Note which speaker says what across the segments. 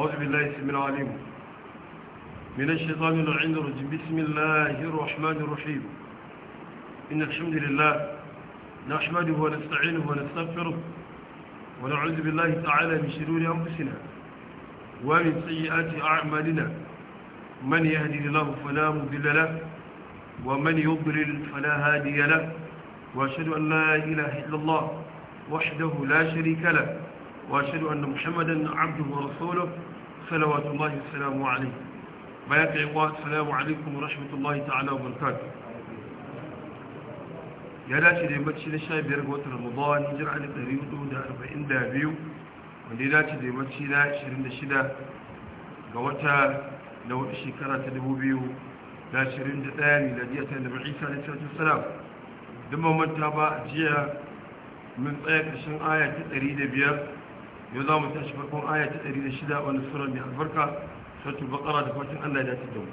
Speaker 1: أعوذ بالله السميع العليم من الشيطان العين الرجيم بسم الله الرحمن الرحيم إن الحمد لله نحمده ونستعينه ونستغفره ونعوذ بالله تعالى من شرور أنفسنا ومن سيئات أعمالنا من يهدي الله فلا مضل له ومن يضلل فلا هادي له وأشهد أن لا إله إلا الله وحده لا شريك له وأشهد أن محمدا عبده ورسوله salawatullahi salamu alaihi bayan ka yawa salamu alaikum rahmatullahi ta'ala wa barakatuh ya dace da yammaci na sha biyar ga watan ramadan hijira da ɗari hudu da arba'in da biyu wanda ya dace da yammaci ashirin da shida ga wata na shekara ta dubu biyu ashirin da ɗaya ta من آية شن آية تقريد yau za mu tashi farkon aya ta 106 wani sura mai albarka sautul bakara da fatan allah ya ci da mu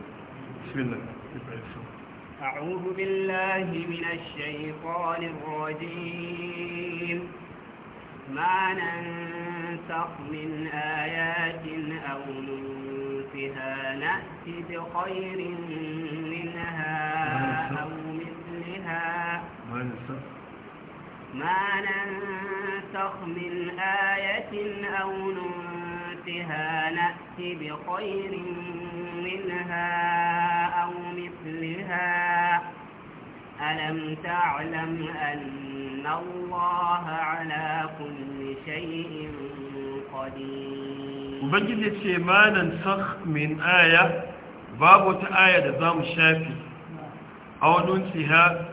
Speaker 1: bismillah
Speaker 2: أعوذ بالله من الشيطان الرجيم ما ننسخ من آيات أو ننسها نأتي بخير منها أو مثلها ما ننسخ ننسخ من آية أو ننتها نأتي بخير منها أو مثلها ألم تعلم أن الله على كل شيء قدير بجلس
Speaker 1: ما ننسخ من آية باب آية نظام الشافي أو ننسها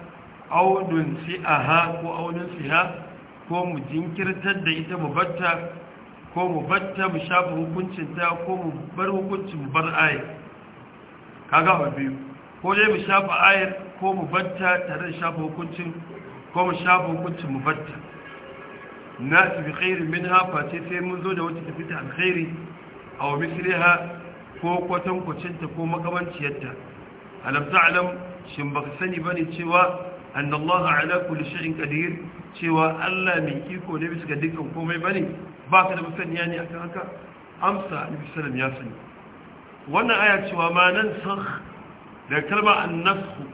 Speaker 1: أو ننسئها أو ننسها ko mu jinkirtar da ita mu batta ko mu batta mu shafa hukuncinta ko mu bar hukuncin mu bar ayar kaga abu biyu ko dai mu shafa ayar ko mu batta tare da shafa hukuncin ko mu shafa hukuncin mu batta na su bi khairin min hafa ce sai mun zo da wata tafi ta alkhairi a wa misliha ko kwatankwacinta ko makamanciyarta alam ta'lam shin baka sani bane cewa annallaha ala kulli shay'in qadir cewa Allah mai iko ne bisa ga dukkan komai bane ba ka da musaniya ne akan haka amsa annabi sallallahu alaihi wasallam ya sani wannan aya cewa ma nan sakh da kalma an labad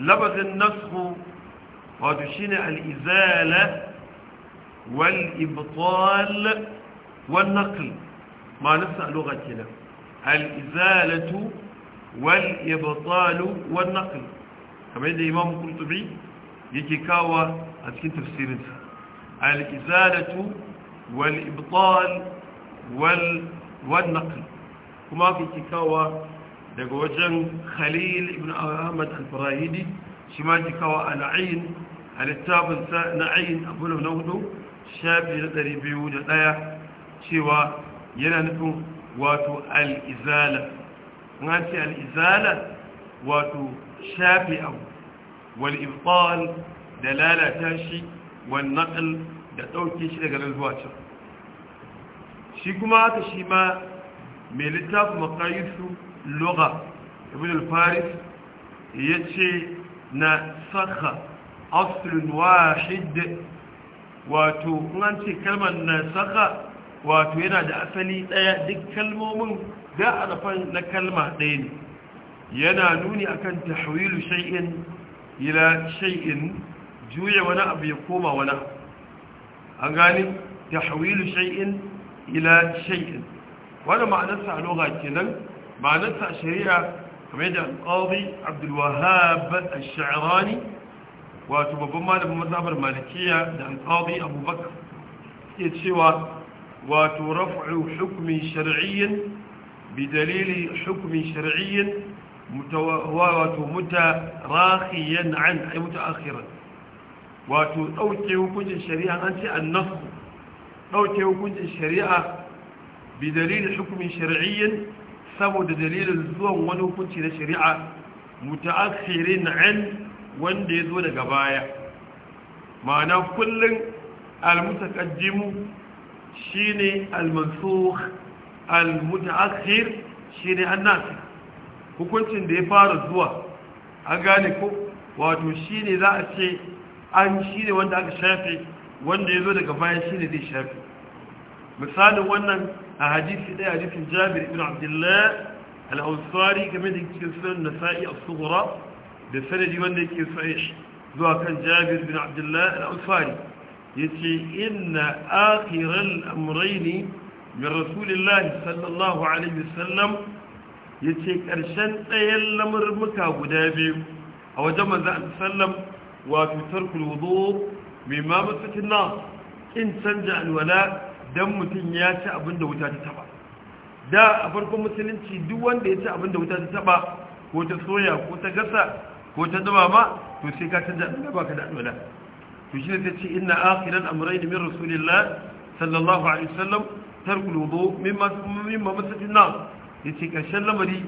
Speaker 1: labadin nasakh wato shine al-izala wal ibtal wal naql ma nasa a lugha kenan al-izalatu wal ibtal wal naql kamar da imam qurtubi yake kawa a cikin tafsirinsa al-izalatu wal ibtal wal wal naql kuma kike kawa daga wajen Khalil ibn Ahmad al-Farahidi shi ma kike kawa al-ayn al-tabin na'in na hudu shafi na ɗari biyu da ɗaya cewa yana nufin wato Al'izala. izala an ce Al'izala wato shafi abu wal ibtal da lalata shi wannan da ɗauke shi daga nan zuwa can shi kuma haka shi ma mai littafi makayisu loga ibn al-faris ya ce na saka asulun wahid wato an ce kalmar na saka wato yana da asali ɗaya duk kalmomin da arafan na kalma ɗaya ne yana nuni akan tahwilu shay'in ila shay'in juya wani abu ya koma wani abu an gani tahwilu shay'in ila shay'in wani ma'anarsa a lugha kenan ma'anarsa a shari'a kamar yadda al-qadi Abdul Wahhab al-Sha'rani wato babban malamin mazhabar Malikiya da al-qadi Abubakar ke cewa wato raf'u hukmi shar'iyyin bi dalili hukmi shar'iyyin mutawa wato mutarakhiyan an ay mutaakhiran wato ɗauke hukuncin shari'a an ce annasu ɗauke hukuncin shari'a bi dalilin hukumin shari'iyyin saboda dalilin zuwan wani hukunci na shari'a muta'akhirin an wanda ya zo daga baya ma'ana kullum almutaqaddimu shine almansukh almutaakhir shine annas hukuncin da ya fara zuwa an gane ko wato shine za a ce an shi ne wanda aka shafe wanda ya zo daga bayan shi ne zai shafe misalin wannan a hadisi ɗaya hadisin jabir ibn abdullah al-ansari game da cikin sunan nasa'i a sughra da sanadi wanda yake sahih zuwa kan jabir ibn abdullah ya ce ina inna akhiral amrayn min rasulillah sallallahu alaihi wasallam ce ƙarshen ɗayan lamurmuka guda biyu a wajen manzo sallallahu wato tarkul wudu mimma masakin na in canja alwala dan mutum ya ci abin da wuta ta taba da a farkon musulunci duk wanda ya ci abin da wuta ta taba ko ta soya ko ta gasa ko ta dumama to sai ka canja alwala baka da alwala to shi ne ta ce inna akhiran da min rasulillah sallallahu alaihi wasallam tarkul wudu mai mimma masakin ya yace karshen lamari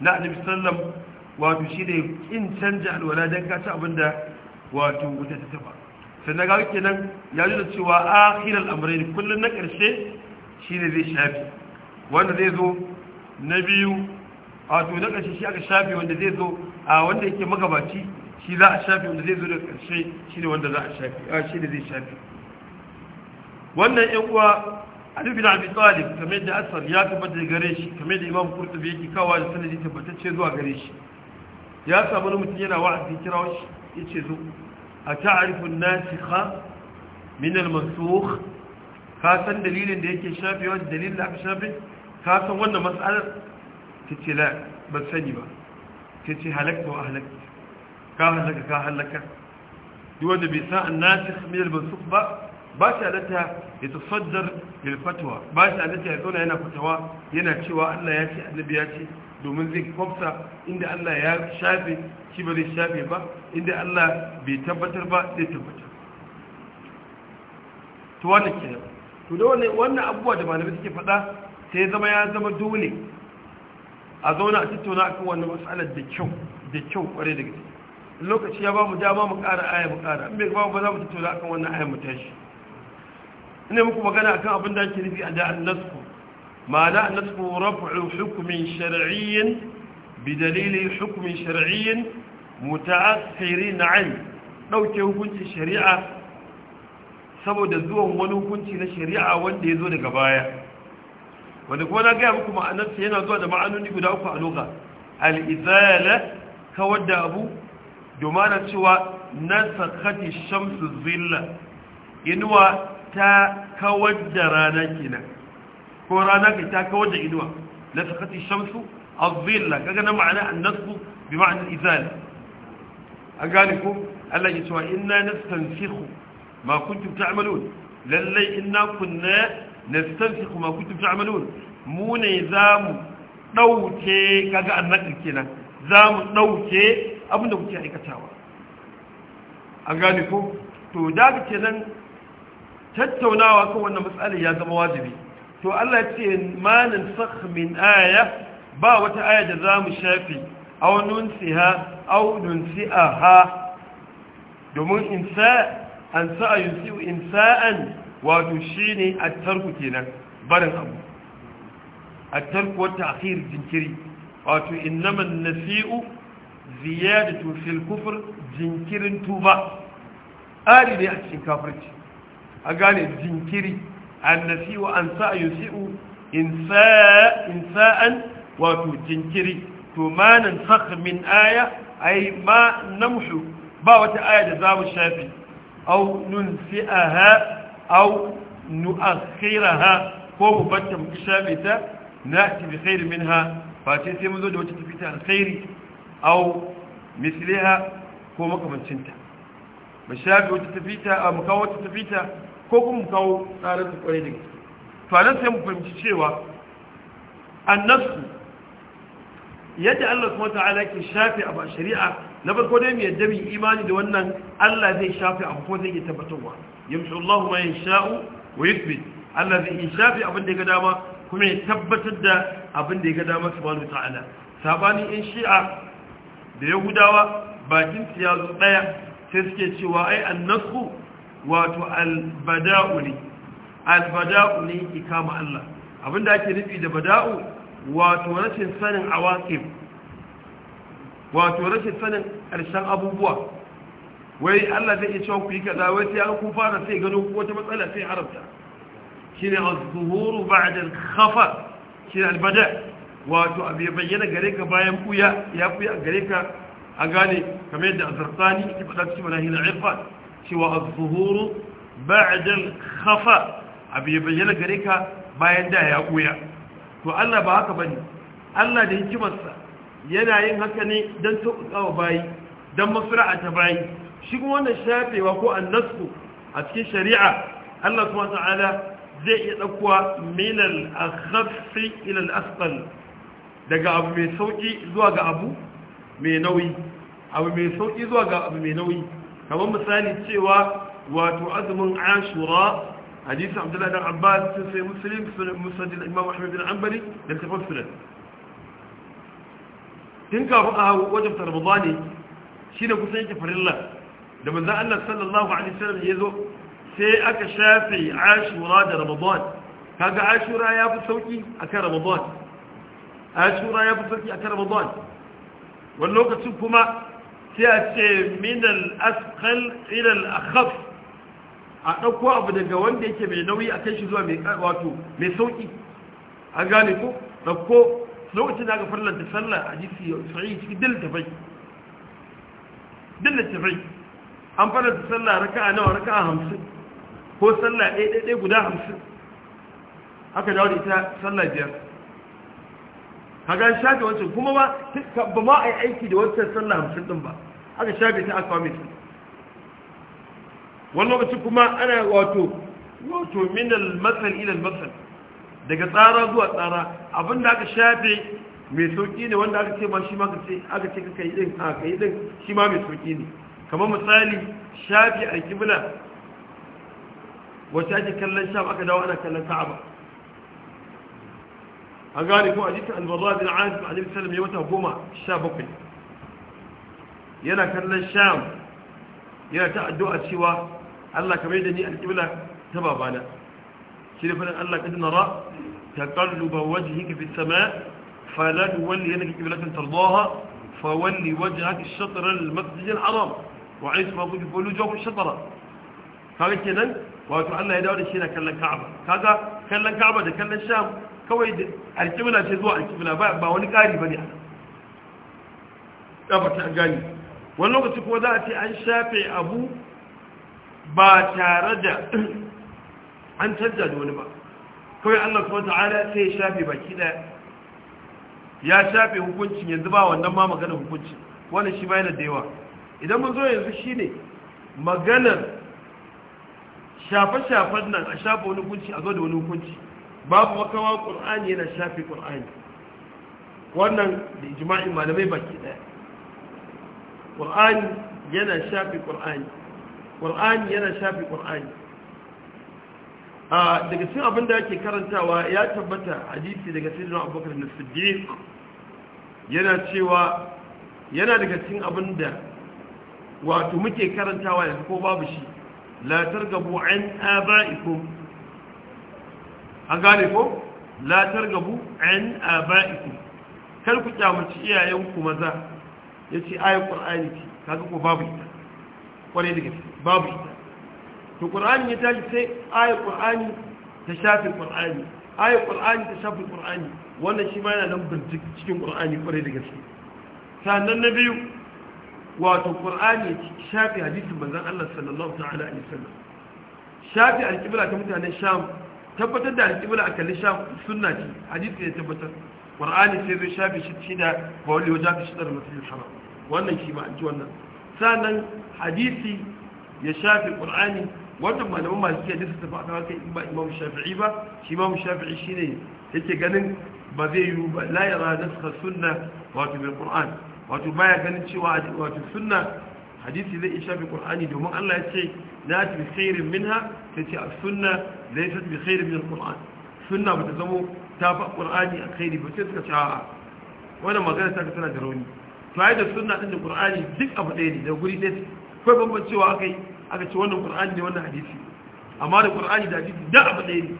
Speaker 1: na annabi sallallahu wato shi ne in canja alwala dan ka ci abin da wato wuta ta taba sannan ga kenan ya nuna cewa a akhiral amrayn kullum na ƙarshe shi ne zai shafi wanda zai zo na biyu wato na ƙarshe shi aka shafi wanda zai zo a wanda yake magabaci shi za a shafi wanda zai zo da shi ne wanda za a shafi a shi ne zai shafi wannan yan uwa Ali bin Abi kamar da asar ya tabbata gare shi kamar da Imam Qurtubi yake kawo da sanadi tabbatacce zuwa gare shi ya samu mutum yana wa'azi kirawo shi yace zo a ta'arifu nasikha min al-mansukh ka san dalilin da yake shafi wanda dalilin da aka shafi, ka san wannan matsalar, tace la ban sani ba tace halakta wa ahlakta ka halaka ka halaka duk wanda bai san an-nasikh min al-mansukh ba ba shi halatta ya tasaddar lil fatwa ba shi halatta ya zauna yana fatawa yana cewa Allah ya ce annabi ya ce domin zai kwafsa inda Allah ya shafe shi ba zai shafe ba inda Allah bai tabbatar ba zai tabbatar to wannan kenan to da wannan abubuwa da malamai suke faɗa sai zama ya zama dole a zauna a tattauna a kan wannan matsalar da kyau da kyau kware da gaske lokaci ya ba mu dama mu ƙara aya mu ƙara in bai ba ba za mu tattauna a kan wannan aya mu tashi ina muku magana akan abin da ake nufi a da nasku معنى نسبه رفع حكم شرعي بدليل حكم شرعي متأخر عنه ɗauke hukunci shari'a saboda zuwan wani hukunci na shari'a wanda ya zo daga baya wanda kuma na gaya muku ma'anarsa yana zuwa da ma'anoni guda uku a loka al'izala kawar da abu domin cewa na sakati shamsu zilla inuwa ta kawar da rana kenan ko rana kai ta kawar da inuwa na sakati shamsu az-zilla kaga na ma'ana an-nasbu bi ma'ana al A gane ko Allah ya cewa inna nastansikhu ma kuntum ta'malun lalle inna kunna nastansikhu ma kuntum ta'malun mu ne zamu dauke kaga annabi kenan zamu dauke abinda kuke aikatawa A gane ko to da nan, tattaunawa kan wannan matsalar ya zama wajibi to Allah ce manin min aya ba wata aya da za shafi aunun siha aunun si'aha domin insa an sa'a yusiu insa'an wato shine at-tarku kenan barin abu at-tarku wa ta'khir jinkiri wato innaman nasi'u ziyadatu fil kufr jinkirin tuba ari ne a cikin kafirci a gane jinkiri annasi'u an sa in sa'an wato jinkiri to ma nan min aya ai ma namhu ba wata aya da za mu shafi au nunsi'aha au nu'akhiraha ko mu batta mu shafi ta na'ti bi khair minha fa ce sai mun zo da wata tafita ta alkhairi au misliha ko makamancinta mu shafi wata tafita? A mu kawo wata tafita? ko kuma mu kawo tsarin su kwarai da gaske to anan sai mu fahimci cewa annasu yadda Allah kuma ta'ala ke shafe a shari'a na farko dai mu yadda mu imani da wannan Allah zai shafe abu ko zai tabbatarwa yamsu Allah ma yasha'u wa yuthbit Allah zai shafe abin da ya ga dama kuma ya tabbatar da abin da ya ga dama subhanahu ta'ala sabanin in shi'a da yahudawa bakin su ya daya sai suke cewa ai annasu wato albada'u ne albada'u ne ikama Allah abinda ake nufi da bada'u wato rashin sanin awaqib wato rashin sanin karshen abubuwa wai Allah zai iya cewa ku yi kaza wai sai an ku fara sai gano wata matsala sai haramta shine az-zuhuru ba'da al-khafa shine al-bada wato abu ya bayyana gare ka bayan kuya ya kuya gare ka a gane kamar yadda azrqani ki fada cikin manahil irfan cewa az-zuhuru ba'da khafa abi ya bayyana gare ka bayan da ya koya to Allah ba haka bane Allah da hikimarsa yana yin haka ne dan tsawa bayi dan masra'a ta bayi shi kuma wannan shafewa ko annasku a cikin shari'a Allah subhanahu wata'ala zai iya al milal ila al-asqal daga abu mai sauƙi zuwa ga abu mai nauyi abu mai sauƙi zuwa ga abu mai nauyi kamar misali cewa wato azumin ashura hadisi abdullahi dan abbas sun sai muslim sunan musajjid imam ahmad bin hanbali da tafsir sunan tun kafin a hawo wajen ne shi shine kusan yake farilla da manzo Allah sallallahu alaihi wasallam ya zo sai aka shafe ashura da ramadan kaga ashura ya fi sauki akan ramadan ashura ya fi sauki kan ramadan wani lokacin kuma sai a ce minal asqal ila al akhaf a dauko abu daga wanda yake mai nauyi a kai shi zuwa mai wato mai sauƙi an gane ko dauko lokacin da aka da sallah a jisi sa'i shi dil da tafai dil da tafai an da sallah raka'a nawa raka'a hamsin ko sallah ɗaya ɗaya guda hamsin aka dawo da ita sallah biyar kaga shafe wancan kuma ba ba ma a yi aiki da wancan sallah hamsin ɗin ba aka shafe ta alfamis wani lokaci kuma ana wato wato minal matsal ilal matsal daga tsara zuwa tsara abinda aka shafe mai sauki ne wanda aka ce ma shi ma aka ce ka yi din a ka yi din shi ma mai sauki ne kamar misali shafe alkibla wacce ake kallon sham aka dawo ana kallon ka'aba A gane ko a jikin albarra bin azim alaihi salam ya wata goma sha bakwai yana kallon sham yana ta addu'a cewa Allah kamar da ni alƙibla ta babana shi ne faɗin Allah ƙadda nara ta ƙalluba wajen hika fi sama falad wani yana ƙiblatan tarbaha fa wani wajen haka shatarar masjidin haram wa a yi su mafi bolu jawon shatara kaga kenan wato Allah ya dawo da shi na kallon ka'aba kaga kallon ka'aba da kallon sham kawai alƙibla ce zuwa alƙibla ba wani ƙari bane ne a ƙafa ta gani wani lokaci ko za a ce an shafe abu ba tare da an canja da wani ba kawai allah kuma ta'ala sai ya shafe baki daya ya shafe hukuncin yanzu ba wannan ma magana hukuncin wannan shi ba yana da yawa idan mun zo yanzu shine maganar shafe-shafen nan a shafe wani hukunci a zo da wani hukunci babu makawa ƙur'ani yana shafe ƙur'ani wannan da ijma'in malamai baki daya ƙur'ani yana shafi ƙur'ani ƙur'ani yana shafi ƙur'ani A daga cikin abin da ake karantawa ya tabbata hadisi daga sayyidina abubakar na siddiq yana cewa yana daga cikin abin da wato muke karantawa yanzu ko babu shi la targabu an aba'ikum an gane ko la targabu an aba'ikum kar ku kyamaci iyayenku maza ya ce ayar ƙwar'ani ce kaga ko babu ita ƙwarai da gaske babu ita to ƙwar'ani ya tashi sai ayar ƙwar'ani ta shafi ƙwar'ani ayar ƙwar'ani ta shafi ƙwar'ani wannan shi ma yana nan bincik cikin ƙwar'ani ƙwarai da gaske sannan na biyu wato ƙwar'ani shafi hadisin manzan Allah sallallahu ta'ala alaihi wasallam shafi alƙibla ta mutanen sham tabbatar da alƙibla a kalli sham sunna ce hadisi ya tabbatar qur'ani sai zai shafi shida ba wani yau shafi shida da masjidil haram wannan shi ma an ji wannan sannan hadisi ya shafi qur'ani wannan malaman masu iya jinsu ta faɗa kai in ba imam shafi'i ba shi imam shafi'i shine yake ganin ba zai yi ba la yara naskha sunna wato bil qur'an wato baya ganin cewa wato sunna hadisi zai shafi qur'ani domin Allah ya ce la bi khairin minha tace as-sunna laysat bi khairin min al-qur'an sunna bata zamo ta ba qur'ani alkhairi ba sai suka ci a'a wannan magana ta tana da rauni to ai da sunna din da qur'ani duk abu ɗaya ne da guri ɗaya kai bambancewa akai aka ce wannan qur'ani ne wannan hadisi amma da qur'ani da hadisi da abu ɗaya ne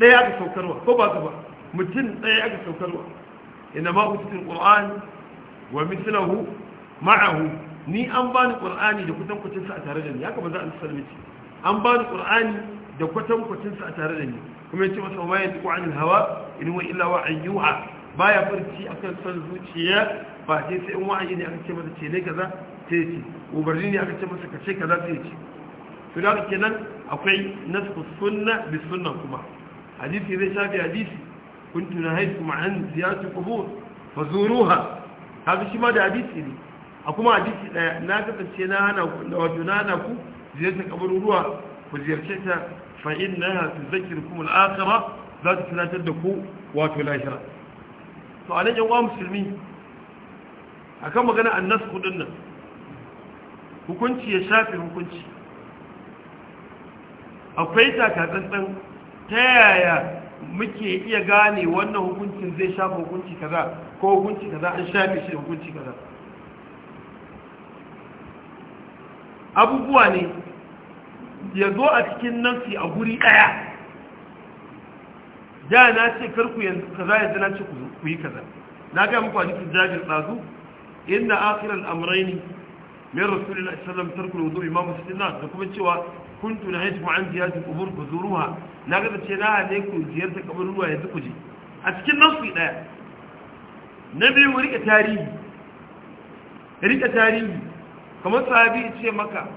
Speaker 1: ɗaya aka saukarwa ko ba ka ba mutum ɗaya aka saukarwa ina ma utitin qur'ani wa mithluhu ma'ahu ni an bani qur'ani da kutan kucin sa a tare da ni haka ba za a sallame an bani qur'ani da kwatankwacinsa a tare da ni kuma ce masa wa ya tuku anil hawa in wa illa wa ba ya farci kan son zuciya ba ce sai in wa'ayi ne aka ce masa ce ne kaza ta ce ubarni ne aka ce masa kace kaza ta ce to da kenan akwai nasku sunna bi sunna kuma hadisi zai shafi hadisi kuntu nahaytukum an fa qubur fazuruha haka shi ma da hadisi ne a kuma hadisi daya na kasance na hana ku na hana ku ziyarta kabururuwa ku ziyarce ta fa innaha tuzakkirukum al-akhirah za ta tunatar da ku wato lahira to a nan wa musulmi akan magana annas kudin nan hukunci ya shafi hukunci akwai takatsantsan ta yaya muke iya gane wannan hukuncin zai shafa hukunci kaza ko hukunci kaza an shafe shi da hukunci kaza abubuwa ne ya zo a cikin su a guri ɗaya da na ce karku yanzu kaza yanzu na ce ku yi kaza na ga muku cikin jajir ɗazu inna akhiral amrayni min rasulillahi sallallahu alaihi wasallam tarkul wudu imam na da kuma cewa kun tuna ma'an nahaytu an ziyarati qubur ruwa. na ga ce na hane ku ziyarta ruwa yanzu ku je a cikin yi ɗaya na biyu mu rike tarihi rike tarihi kamar sahabi ce maka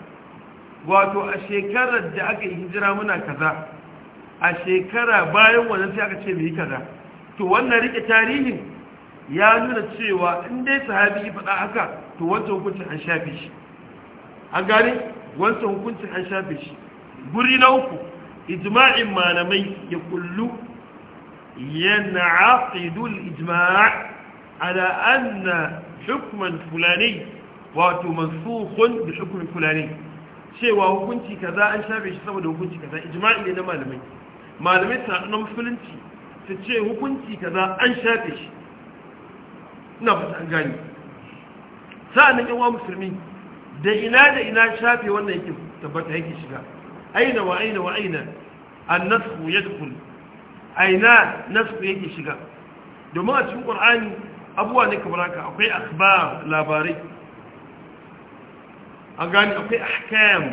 Speaker 1: wato a shekarar da aka yi hijira muna kaza a shekara bayan wannan sai aka ce mu kaza to wannan rike tarihin ya nuna cewa in dai sahabi ya faɗa haka to wancan hukuncin an shafe shi an gane wancan hukuncin an shafe shi guri na uku ijma'in malamai ya kullu ينعقد الإجماع fulani, wato wato فلاني da بحكم fulani. cewa hukunci kaza an shafe shi saboda hukunci kaza ijma'i ne na malamai malamai na musulunci su ce hukunci kaza an shafe shi ina fata an gani sa'annan yawa musulmi da ina da ina shafe wannan yake tabbata yake shiga aina wa aina wa aina annasku yadkhul aina nasku yake shiga domin a cikin qur'ani abuwa ne kamar haka akwai akhbar labarai an gani akwai ahkam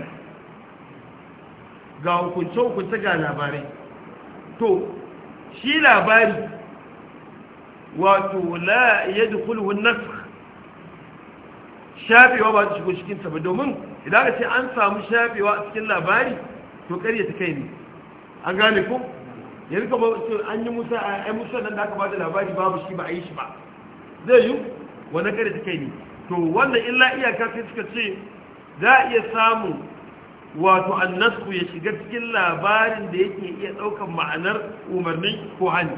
Speaker 1: ga hukunce-hukunce ga labarai to shi labari wato la ya dukulhun nasa shafewa ba su shigo cikinsa ba domin idan ka ce an samu shafewa a cikin labari to karye ta kai ne an gane ku yanzu ka ba an yi musa a yan musa nan da aka ba da labari babu shi ba a yi shi ba zai yi na karye ta kai ne to wannan illa iyaka sai suka ce za a iya samun wato annasku ya shiga cikin labarin da yake iya ɗaukan ma'anar umarni ko hannu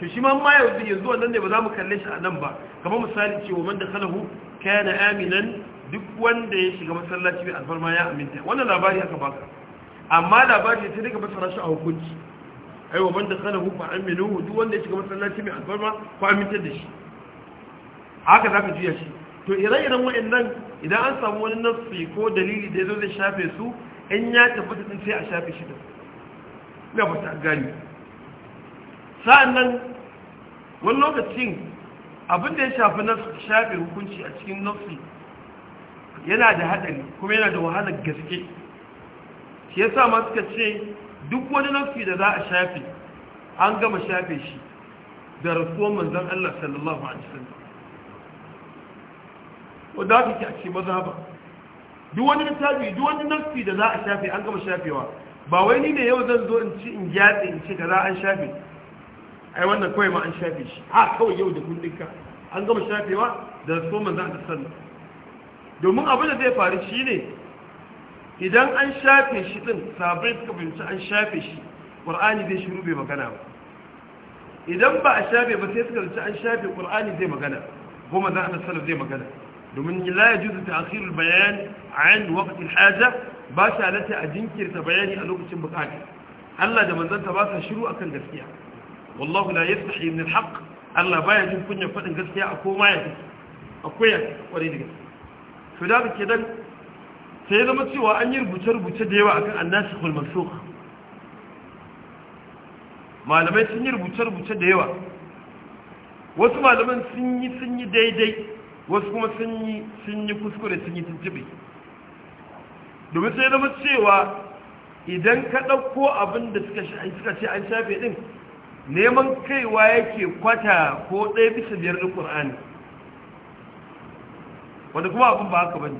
Speaker 1: to shi ma ma yanzu zuwa nan ne ba za mu kalle shi a nan ba kamar misali cewa man da kalahu kana aminan duk wanda ya shiga masallaci mai alfarma ya aminta wannan labari aka baka amma labari ta daga masara shi a hukunci ai wa man da kalahu fa aminu duk wanda ya shiga masallaci mai alfarma ko aminta da shi haka zaka juya shi to ire-iren waɗannan idan an samu wani nassi ko dalili da ya zo zai shafe su in ya tabbata din sai a shafe shi da ina fata gani sa'an nan wani lokacin abin da ya shafi na shafe hukunci a cikin nassi yana da haɗari kuma yana da wahalar gaske shi ya sa ma suka ce duk wani nassi da za a shafe an gama shafe shi da rasuwan manzan Allah sallallahu Alaihi wasallam wanda aka ke a cikin mazhaba duk wani littafi duk wani nafsi da za a shafe an gama shafewa ba wai ni ne yau zan zo in ci in gyatsa in ci kaza an shafe ai wannan kawai ma an shafe shi ha kawai yau da kullun ka an gama shafewa da so za ta sallah domin abin da zai faru shi ne, idan an shafe shi din sabai suka fahimci an shafe shi qur'ani zai shiru bai magana ba idan ba a shafe ba sai suka rinci an shafe qur'ani zai magana goma za a sallah zai magana domin la yajuzu ta'khirul bayan a waqti al-haja ba shi halatta a jinkirta bayani a lokacin bukata Allah da manzanta ba sa shiru akan gaskiya wallahu la yastahi min al-haq Allah baya jin kunya fadin gaskiya a koma ya akwai kwarai da gaskiya to da ke dan sai zama cewa an yi rubuce-rubuce da yawa a akan annasihul mansukh malamai sun yi rubuce-rubuce da yawa wasu malaman sun yi sun yi daidai wasu kuma sun yi kuskure sun yi tuntuɓe domin sai zama cewa idan ka ɗauko abin da suka ce an shafe ɗin neman kaiwa yake kwata ko ɗaya bisa biyar ɗin ƙur'ani wanda kuma abin ba haka bane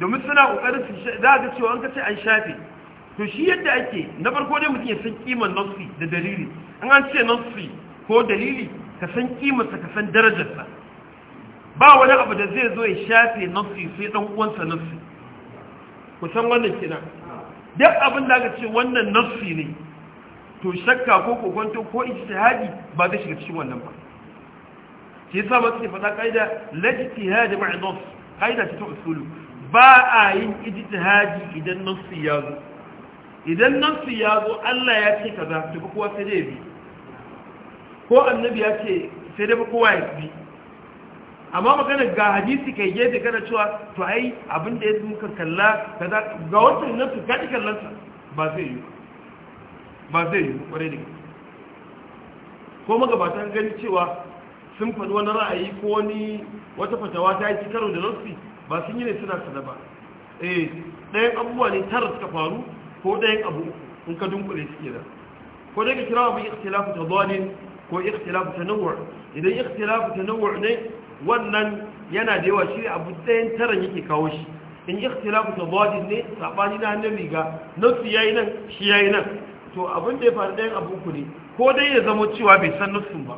Speaker 1: domin suna ƙoƙarin su za a ga cewa an ka ce an shafe to shi yadda ake na farko dai mutum ya san kiman nafsi da dalili an an ce ko dalili ka san kimarsa ka san darajarsa ba wani abu da zai zo ya shafe nafsi sai dan uwansa nafsi ku san wannan kina duk abin da aka ce wannan nafsi ne to shakka ko kokonto ko ijtihadi ba zai shiga cikin wannan ba shi yasa ba suke fada kaida la ijtihadi ma'a nafs kaida ta usulu ba a yin ijtihadi idan nafsi ya zo idan nafsi ya zo Allah ya ce kaza to kowa sai dai bi ko annabi ya ce sai dai kowa ya bi amma magana ga hadisi kai gefe kana cewa to ai abin da ya muka kalla kaza ga wannan nan ka ji kallon sa ba zai yi ba zai yi kware ne ko magabatan gani cewa sun faɗi wani ra'ayi ko wani wata fatawa ta yi karo da nasu ba sun yi ne suna sada ba eh ɗayan abubuwa ne tara suka faru ko ɗayan abu in ka dunkule ke da ko dai ka kira abin ikhtilafu tadalin ko ikhtilafu tanawwu idan ikhtilafu tanawwu ne wannan yana da yawa shi abu ɗayan taron yake kawo shi in ikhtilafu tadadid ne sabani na hannun riga ya yayi nan shi yayi nan to abin da ya faru ɗayan abu ku ne ko dai ya zama cewa bai san nasu ba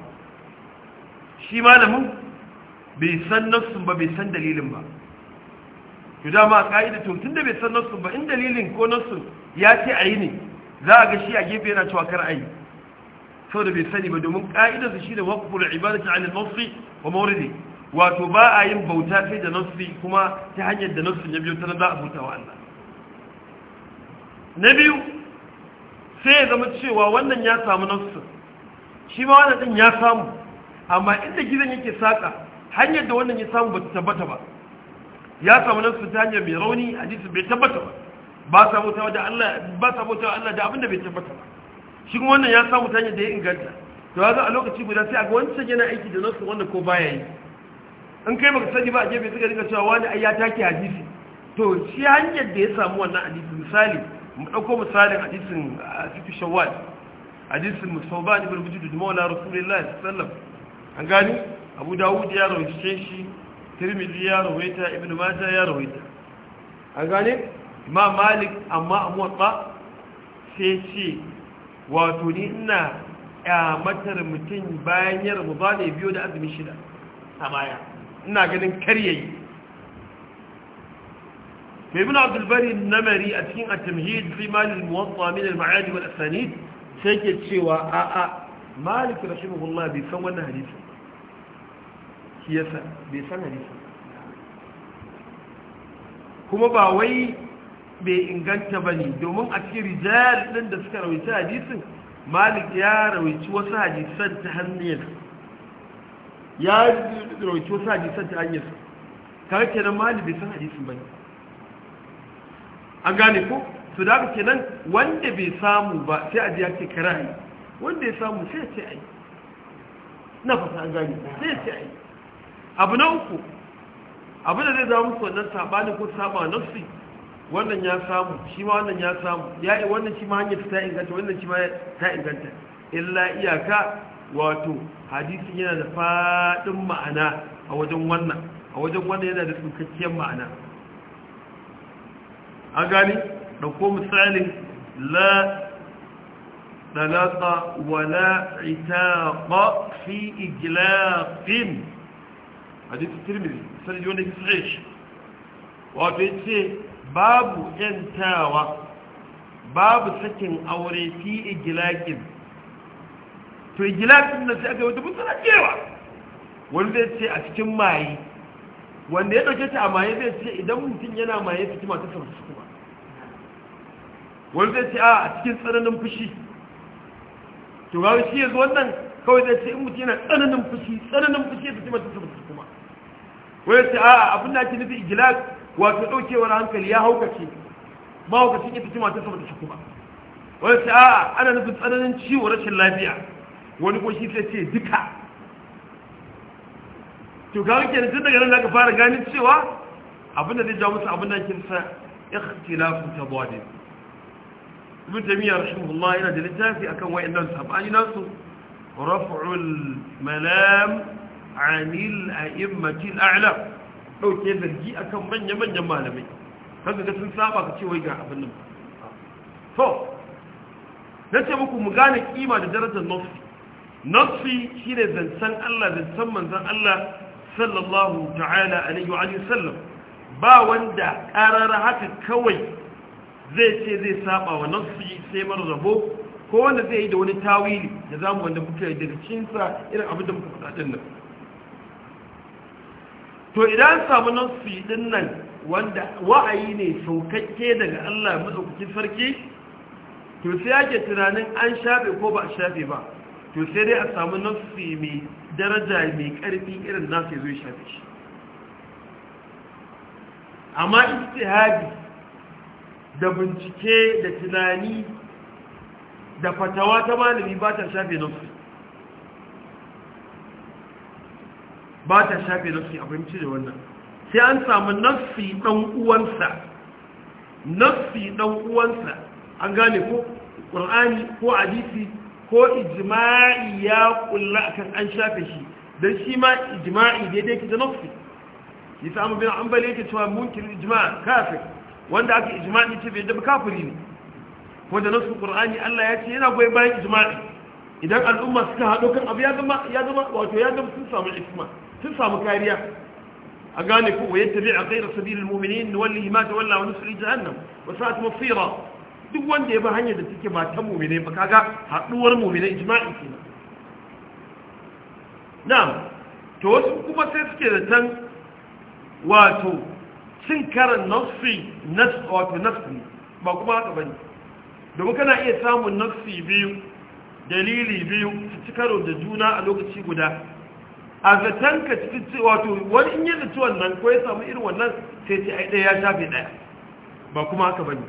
Speaker 1: shi malamin bai san nasu ba bai san dalilin ba to dama ka'ida to tunda bai san nasu ba in dalilin ko nasu ya ce a yi ne za a ga shi a gefe yana cewa kar a yi saboda bai sani ba domin ka'idarsa shi ne wakufu da ala al-nasri wa mawridi wato ba a yin bauta sai da nafsi kuma ta hanyar da nafsi ya biyo ta za a bauta wa Allah na biyu sai ya zama cewa wannan ya samu nassi shi ma wannan din ya samu amma inda gidan yake saka hanyar da wannan ya samu ba ta tabbata ba ya samu nassi ta hanyar mai rauni hadisi bai tabbata ba ba sa bauta da Allah ba sa bauta Allah da abinda bai tabbata ba shi kuma wannan ya samu ta hanyar da ya inganta to haka a lokaci guda sai a ga wancan yana aiki da nassi wanda ko baya yi in kai baka sani ba a jefe suka rika cewa wani ayya ta ke hadisi to shi hanyar da ya samu wannan hadisi misali mu dauko misalin hadisin cikin shawwal hadisin musauban ibn bujud da maula rasulullahi sallallahu alaihi wasallam an gani abu dawud ya rawaita shi tirmidhi ya rawaita ibn majah ya rawaita an gani imam malik amma amwatta sai ce wato ni ina matar mutum bayan yar mu ba ne biyo da azumi shida a baya ina ganin karyayi to ibn abdul bari namari a cikin at-tamhid fi mal al-muwatta min al-ma'ani wal asanid sai ke cewa a a malik rahimahullah bai san wannan hadisi shi yasa bai san hadisi kuma ba wai bai inganta ba ne domin a cikin rijal ɗin da suka rawaita hadisin malik ya rawaita wasu hadisan ta hannun ya rauki wasu hadisan ta hanyar su kare kenan mali bai san hadisun bane an gane ko su da haka kenan wanda bai samu ba sai a jiya ke kara yi. wanda ya samu sai ya ce yi. na fasa an gane sai ya ce yi. abu na uku abu da zai zama musu wannan sabani ko saba su wannan ya samu shi ma wannan ya samu ya yi wannan shi ma hanyar ta inganta wannan shi ma ta inganta illa iyaka wato hadisi yana da faɗin ma'ana a wajen wannan a wajen wannan yana da tsukakkiyar ma'ana a gani da ko misali la dalaka wala itaqa fi iglaqin hadisi tirmidhi sai yana da tsayish wato yace babu yantawa babu sakin aure fi iglaqin to gilasin din nan sai aka yi wata mutuna cewa wani zai ce a cikin maye wanda ya dauke ta a maye zai ce idan mutum yana maye su kima ta sama su kuma wani zai ce a cikin tsananin fushi to ga shi yanzu wannan kawai zai ce in mutum yana tsananin fushi tsananin fushi su kima ta sama su kuma wani ce a abin da ake nufi gilas wato daukewar hankali ya haukace ma haukace ya fi kima ta su kuma wani ce a ana nufin tsananin ciwo rashin lafiya wani ko shi sai ce duka to ga wake tun daga nan zaka fara gani cewa abin da zai jawo musu abin da ke sa ikhtilafu tabawadi ibn tamiya rahimahullah yana da littafi akan wayannan sabani nasu raf'ul malam anil a'immati al'a dauke zargi akan manyan manyan malamai kaga ga sun saba ka ce wai ga abin nan to nace muku mu gane kima da darajar nafsi shi ne zancen Allah zancen manzon Allah sallallahu ta'ala alaihi wa sallam ba wanda karar haka kawai zai ce zai saba wa nafi sai marzabo ko wanda zai yi da wani tawili da zamu wanda muka yi daga cinsa irin abin da muka faɗa din nan to idan samu nassi din nan wanda wa'ayi ne saukakke daga Allah madaukakin sarki to sai yake tunanin an shafe ko ba a shafe ba to sai dai a samu nafsi mai daraja mai karfi irin nasu ya shafi shi amma istihadi da bincike da tunani da fatawa ta malami ba ta shafe nafsi ba ta shafe nafsi fahimci da wannan sai an samu nafsi ɗan uwansa nafsi ɗan uwansa an gane ko ƙur'ani ko hadisi ko ijma'i ya kulla akan an shafe shi don shi ma ijma'i daidai ke da nufi yasa amma bin ambali yake cewa munkin ijma' kafin wanda aka ijma'i ce bai da kafiri ne ko da nasu qur'ani Allah ya ce yana goyi bayan ijma'i idan al'umma suka hado kan abu ya zama ya zama wato ya zama sun samu isma sun samu kariya a gane ko wa yattabi'a ghayra sabilil mu'minin nuwallihi wani tawalla wa nusli jahannam wa sa'at masira duk wanda ya bi hanyar da take matan mumine ba kaga haduwar mumine ijma'i kenan na'am to wasu kuma sai suke da tan wato cin karan nafsi nas wato nafsi ba kuma haka bane domin kana iya samun nafsi biyu dalili biyu su ci karo da juna a lokaci guda a zaton ka ci wato wani in yi da ci wannan ko ya samu irin wannan sai ce ai ɗaya ya shafe ɗaya ba kuma haka bane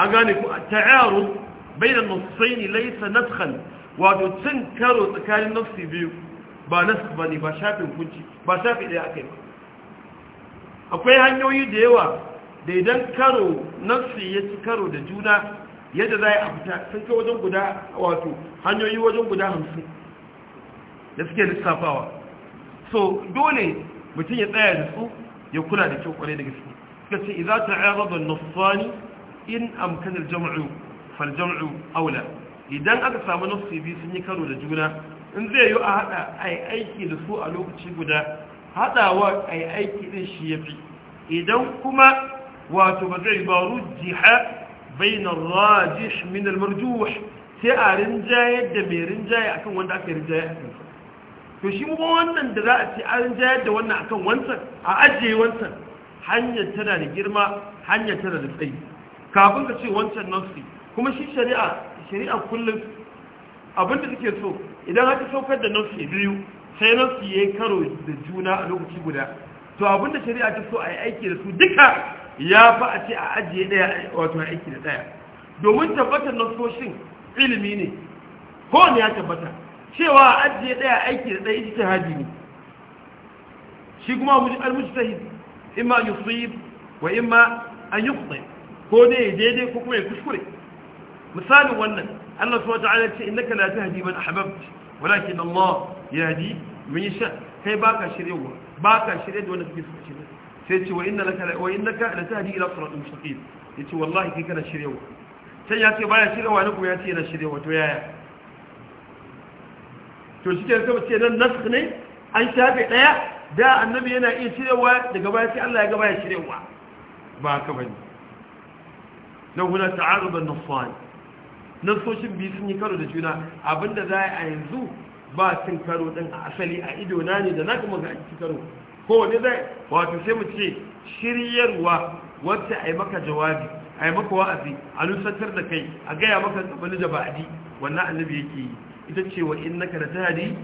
Speaker 1: an gane ku ta'arud bainan nafsaini laysa nadkhan wato cin karo tsakanin nafsi biyu ba ba bane ba shafin kunci ba shafi ɗaya akai ba akwai hanyoyi da yawa da idan karo nafsi ya ci karo da juna yadda za a fita sun kai wajen guda wato hanyoyi wajen guda hamsin da suke lissafawa so dole mutum ya tsaya da su ya kula da kyau kwarai da gaske kace idza ta'arada an ayyar in amkanar jam'u fal jam'u aula idan aka samu nasu biyu sun yi karo da juna in zai yi a haɗa a aiki da su a lokaci guda hadawa a aiki din shi ya fi idan kuma wato ba zai ba rujjiha bainar rajish min almarjuh sai a rinjaye da mai rinjaye akan wanda aka rinjaye a kansa to shi mu wannan da za a ce an rinjaye da wannan akan wancan a ajiye wancan hanyar tana da girma hanyar tana da tsayi kafin ka ce wancan nafsi kuma shi shari'a shari'a kullum abinda suke so idan haka saukar da nafsi biyu sai nafsi ya yi karo da juna a lokaci guda to abinda shari'a ta so a yi aiki da su duka ya fa a ce a ajiye daya wato a aiki da daya domin tabbatar nasoshin ilimi ne ko ne ya tabbata cewa a ajiye daya aiki da daya ita hadi ne shi kuma almujtahid imma yusib wa imma an yuqti ko dai daidai ko kuma ya kuskure misalin wannan Allah subhanahu wataala ya ce innaka la tahdi man ahbabta walakin Allah yahdi man yasha kai baka shiryewa baka shirye da wanda kake so shirye sai ce wa innaka wa innaka la tahdi ila siratin mustaqim yace wallahi kai kana shiryewa sai ya ce baya shiryewa ne kuma ya ce yana shiryewa to yaya to shi ke kama ce nan nasu ne an shafe ɗaya da annabi yana iya shirewa daga baya sai Allah ya gaba ya shirewa ba haka bane na huna ta'aruban nufani nasoshin biyu sun yi karo da juna abinda za a yanzu ba cin karo din a asali a ido na ne da na kuma ga cin karo wani zai wato sai mu ce shiryarwa wacce a yi maka jawabi a yi maka wa'azi a nusantar da kai a gaya maka tsabali da ba'adi wannan annabi yake yi ita ce wa in naka da tahadi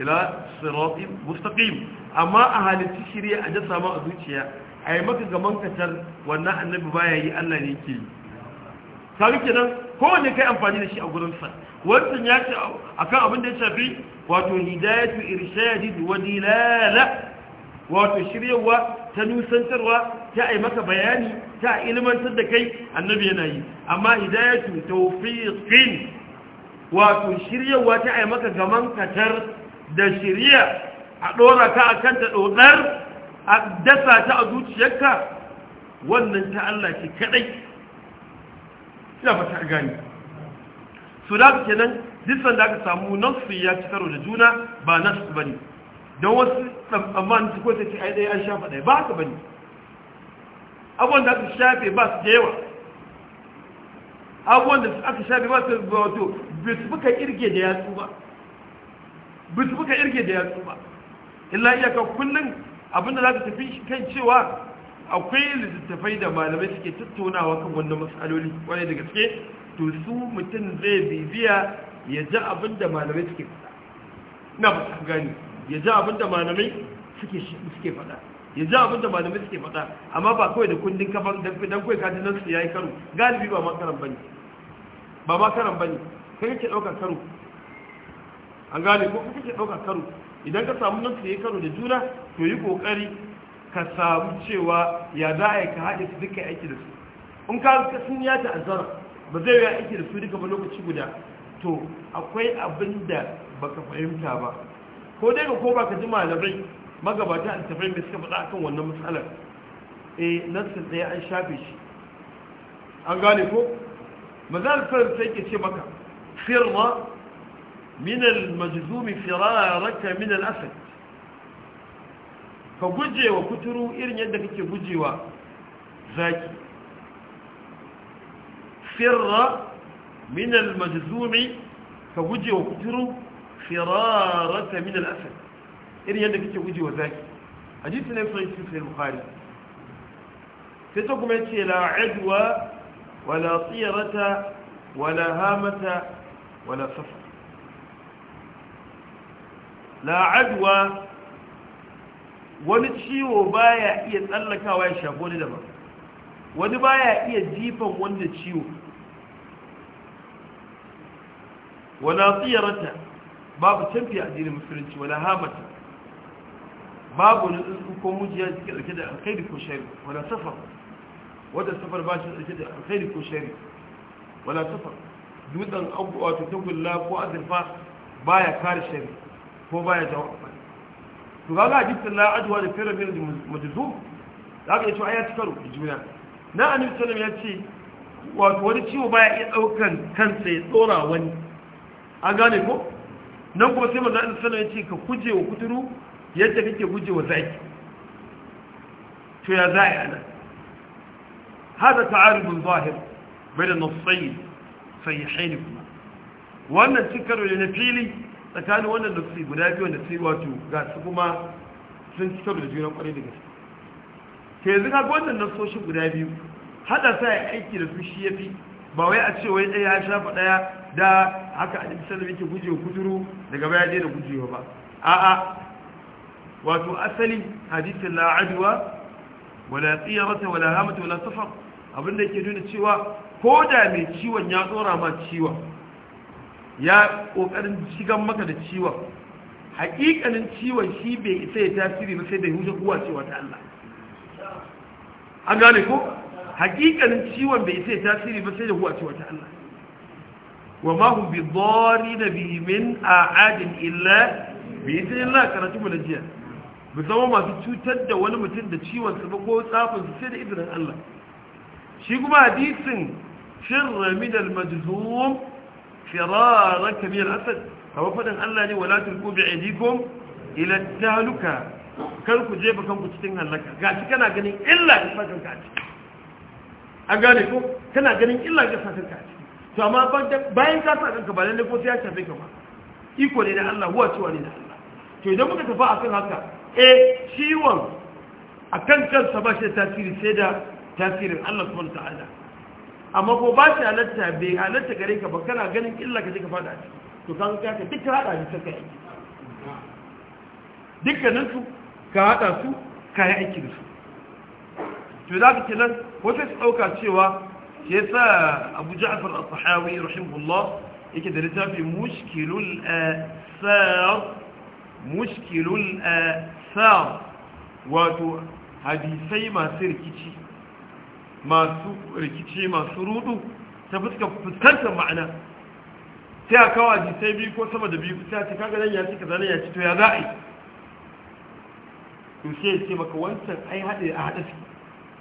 Speaker 1: ila siratin mustaqim amma a halitta shirya a jasa ma a zuciya a yi maka gaman katar wannan annabi baya yi allah ne yake yi kaga kenan kowanne kai amfani da shi a gurin sa wannan ya ce akan abin da ya shafi wato hidayatu irshadi wa dilala wato shiryawa ta nusantarwa ta ai maka bayani ta ilmantar da kai annabi yana yi amma hidayatu tawfiqin wato shiryawa ta ai maka gaman katar da shirya a dora ka akan ta dodar a dasa ta a zuciyarka wannan ta Allah ce kadai ina fata gani su da nan, duk sanda aka samu nasu ya ci karo da juna ba nasu bane don wasu tsammanin su sai ce ai ɗaya an shafa ɗaya ba haka bane abubuwan da aka shafe ba su da yawa abubuwan da aka shafe ba su da wato bisubuka irge da yatsu ba bisubuka irge da yatsu ba illa iyaka kullum abinda za ka tafi kan cewa akwai littattafai da malamai suke tattaunawa kan wannan matsaloli kwarai da gaske to su mutum zai bibiya ya ji abin da malamai suke faɗa na ba gani ya ji abin da malamai suke fada faɗa ya ji abin da malamai suke faɗa amma ba kawai da kundin kafan dan kawai kaji nan su yi karo galibi ba makaran bane ba makaran bane kai kake dauka karo an gane ko kake dauka karo idan ka samu nan su yi karo da juna to yi kokari ka samu cewa ya za a yi ka haɗe su duka aiki da su in ka sun ya ta'azzara ba zai yi aiki da su duka ba lokaci guda to akwai abin da baka fahimta ba ko dai ko ba ka ji malamai magabata a tafai mai suka faɗa akan wannan matsalar eh nassin ɗaya an shafe shi an gane ko mazal farin sai ke ce maka firma minal majzumi raka minal asali ka gujewa kuturu irin yadda kake gujewa zaki firra min al-majzumi ka gujewa kuturu firarata min al-asad irin yadda kake gujewa zaki hadisi ne sai shi sai bukhari sai to kuma ce la adwa wala tsirata wala hamata wala safa la adwa wani ciwo baya iya tsallakawa ya shafi wani daban wani baya iya jifan wanda ciwo wala tsiyarata babu canfi a jinin musulunci wala hamata babu wani tsuntsu ko mujiya suke ɗauke da alkhairi ko shari wala safar wadda safar ba shi ɗauke da alkhairi ko shari wala safar dutsen abubuwa ta tagulla ko azurfa baya kare shari ko baya jawo amfani to ga hadisin la ajwa da fira bin majzum zaka yace ayati karu juna na annabi sallallahu ya ce wato wani ciwo baya iya daukan kansa ya tsora wani an gane ko nan kuma sai manzo Allah sallallahu ya ce ka kuje wa kuturu yadda kake guje wa zaki to ya za'i ana hada ta'arud zahir bayan nassayn sayyihin kuma wannan cikaro ne na fili tsakanin wannan nufi guda biyu da sai wato ga su kuma sun ci da juna kwarai da gaske ta yanzu ga wannan nasoshin guda biyu hada sa ya aiki da su shi ya fi ba wai a ce wai ɗaya ya shafa ɗaya da haka a ɗin yake guje wa kuturu daga baya ɗaya da gujewa ba a'a wato asali hadisin la'aduwa wala tsiyarata wala hamata wala safar abinda yake nuna cewa ko da mai ciwon ya tsora ma ciwon ya kokarin shigan maka da ciwon hakikanin ciwon shi bai isa ya tasiri ba sai da hujja kuwa cewa ta Allah an gane ko hakikanin ciwon bai isa ya tasiri ba sai da huwa cewa ta Allah wa ma hum bi dharina bi min a'adin illa bi idhnillah karatu mu jiya mu zama masu cutar da wani mutum da ciwon sa ko tsafin su sai da idinin Allah shi kuma hadisin shirra min al-majzum firaraka min al-asad kawo fadin Allah ne wala tulqu bi aydikum ila taluka kan ku jefa kan ku cikin halaka gashi kana ganin illa ga sakanka a ciki A gane ko kana ganin illa ga sakanka a ciki to amma bayan ka sa kanka ba lalle ko sai ya shafe ka ba iko ne da Allah huwa cewa ne da Allah to idan muka tafi akan haka eh ciwon akan kansa ba shi tasiri sai da tasirin Allah subhanahu wa ta'ala amma ko ba shi halatta bai halatta gare ka ba kana ganin illa ka ka fada shi to kan ka ka duk hada shi ka yi dukkanin su ka hada su ka yi aiki da su to za ka kenan wata su dauka cewa ke sa Abu Ja'far al-Sahawi rahimahullah yake da littafi mushkilul asar eh, mushkilul asar eh, wato hadisai masu rikici masu rikici masu rudu ta fuskar fuskantar ma'ana sai a kawo aji sai biyu ko sama da biyu sai a ce ganin nan ya ci kaza nan ya ci to ya za a yi to sai ya ce maka wancan ai haɗe a haɗe su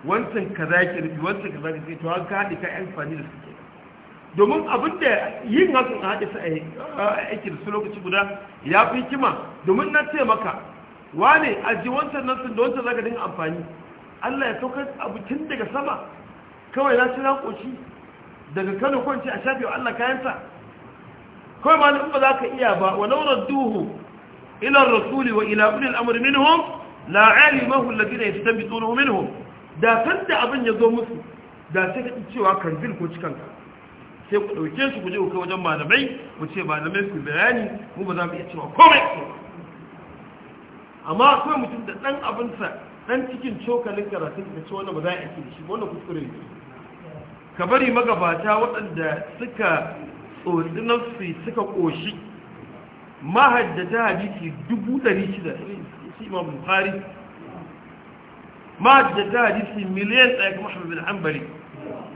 Speaker 1: wancan ka za ki rufi, wancan ka za ki sai to an ka haɗe ka yi amfani da su ke domin abin da yin hakan a haɗe su a aiki da su lokaci guda ya fi kima domin na ce maka wane aji wancan nan sun da wancan ka dinga amfani Allah ya saukar abu tun daga sama kawai na ci na koshi daga kano kwanci a shafi wa Allah kayansa kawai ma in ba za ka iya ba wa naurar duhu ilar rasuli wa ila ulil amr minhum la alimahu alladhina yastanbitunahu minhum da san da abin ya zo musu da sai ka cewa kanzil ko cikanka sai ku ɗauke su ku je ku kai wajen malamai ku ce malamai ku bayani mu ba za mu iya cewa komai amma akwai mutum da dan abinsa dan cikin cokalin karatu da ci wannan ba za a yi da shi wannan kuskure ne ka bari magabata waɗanda suka tsotsi nafsi suka ƙoshi mahaddata hadisi dubu ɗari shida shi imam bukhari mahaddata hadisi miliyan ɗaya kuma hamdu bin hanbali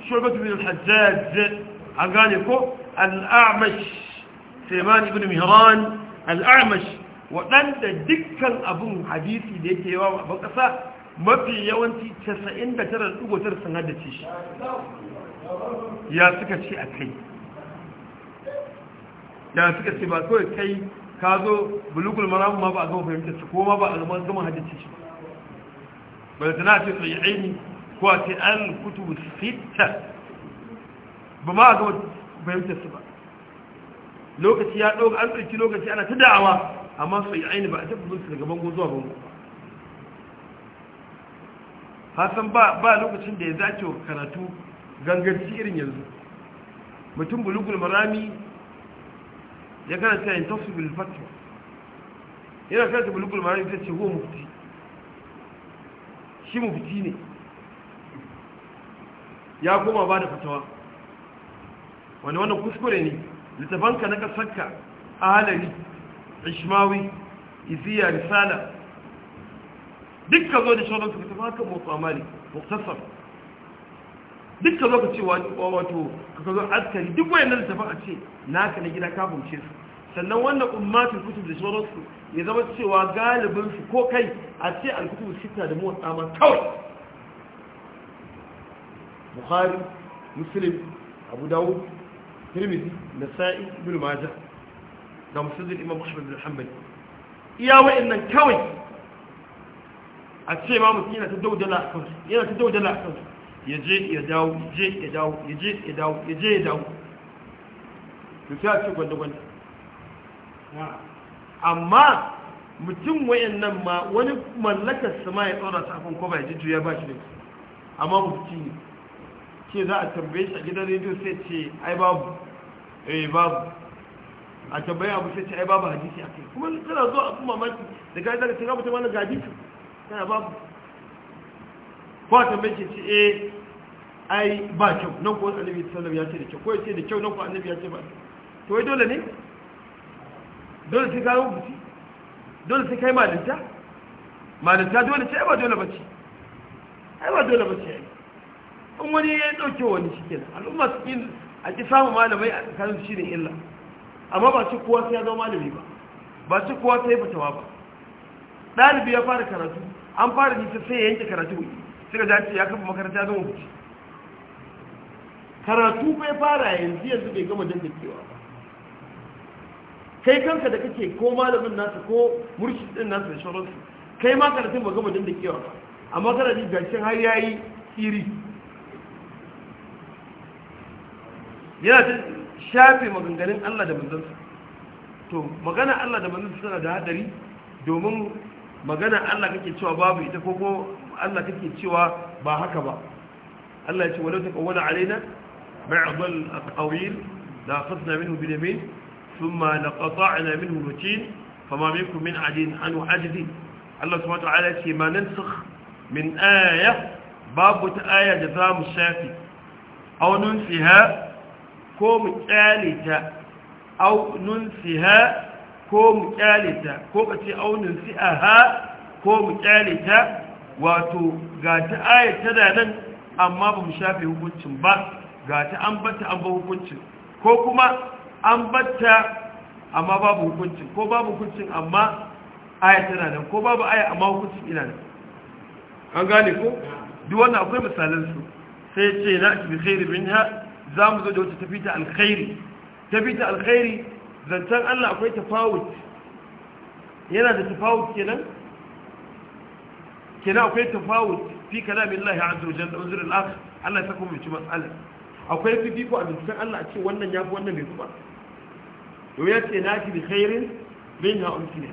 Speaker 1: shurbatu bin al-hajjaj an gane ko al-a'mash ibn mihran al الأعمش waɗanda dukkan abun hadisi da yake yawa a ƙasa mafi yawanci 99.9 sun haddace shi ya suka ce a kai ya suka ce ba kawai kai ka zo bulugul maramu ma ba a gama fahimtar su ko ma ba a gama gama haddace shi ba da na ce tsaye aini ko a ce an kutu sita ba ma a gama fahimtar su ba lokaci ya ɗauka an ɗauki lokaci ana ta da'awa amma sai aini ba a taɓa zuwa daga bango zuwa bango hasan ba lokacin da ya zace wa karatu gangarci irin yanzu mutum bulugul marami ya gana ta yin tafi bil fatwa yana karanta bulugul marami ta ce huwa mufti shi mufti ne ya koma ba da fatawa wani wannan kuskure ne littafanka na kasarka a halari ishmawi isiya risala dukkan ka zo da shaunar tafi haka motsa mali muktasar dukkan ka zo ka ce wato ka ka zo askari duk wayan nan tafi a ce naka na gida ka bumce su sannan wannan ummatin kutub da shaunar su ya zama cewa galibin su ko kai a ce alkutubu sita da motsa ma kawai Buhari, muslim abu dawud tirmidhi nasa'i ibn majah da musulun imam ahmad bin hanbali iya wa'annan kawai a ce ma mutum yana ta daudala a kansu yana ta daudala a kansu ya je ya dawo ya je ya dawo ya je ya dawo ya je ya dawo to sai a ce gwanda-gwanda amma mutum wa'annan ma wani mallakar sama ya tsora su akwai kwaba ya jiju ya ba shi ne amma mutum ne ce za a tambaye shi a gidan rediyo sai ce ai babu eh babu a tambaya abu sai ce ai babu hadisi kai kuma tana zuwa kuma mamaki da kai daga cikin mutum gaji hadisi tana babu ko a tambaye ce ce eh ai ba kyau nan ko annabi sallallahu ya ce da kyau ko ya ce da kyau nan ko annabi ya ce ba to wai dole ne dole sai ka buti dole sai kai malinta malinta dole ce ai ba dole bace ai ba dole bace ai in wani ya dauke wani shi kenan al'umma su kin a ki samu malamai a tsakanin shi illa amma ba ci kowa sai ya zama malami ba ba ci kowa sai fitawa ba ɗalibi ya fara karatu an fara nisa sai ya yanke karatu wuri suka ja ce ya kafa makaranta zama wuce karatu bai fara yanzu yanzu bai gama jan dakewa ba kai kanka da kake ko malamin nasa ko murshid din nasa da shauransu kai ma karatun ba gama jan dakewa ba amma kana ji gashin har yayi tsiri yana shafe maganganun Allah da manzansa to magana Allah da manzansa suna da hadari domin magana Allah kake cewa babu ita ko ko Allah kake cewa ba haka ba Allah ya ce walau taqawwala alaina ba'd al-aqawil la akhadna minhu bil yamin thumma laqata'na minhu rutin fama minkum min adin an wa'adin Allah subhanahu wa ta'ala ce ma nansakh min aya babu ta aya da zamu shafi aw nunsiha ko mu kyale ta au nunsiha ko mu kyale ta ko ka ce au nunsiha ko mu kyale ta wato ga ta ayat tana nan amma ba mu shafe hukuncin ba ga ta an batta an ba hukuncin ko kuma an batta amma babu hukuncin ko babu hukuncin amma ayat tana nan ko babu ayat amma hukuncin ina nan an gane ko duk wannan akwai misalan su sai ce na bi khairu minha za mu zo da wata tafi ta alkhairi tafi ta alkhairi zancen Allah akwai tafawut yana da tafawut kenan kenan akwai tafawut fi kalamin Allah azza wa jalla uzur al-akh Allah ya saka mu ci mas'ala akwai fifiko a binciken Allah a ce wannan ya fi wannan bai kuma to ya ce na ki bi khairin min ha umkina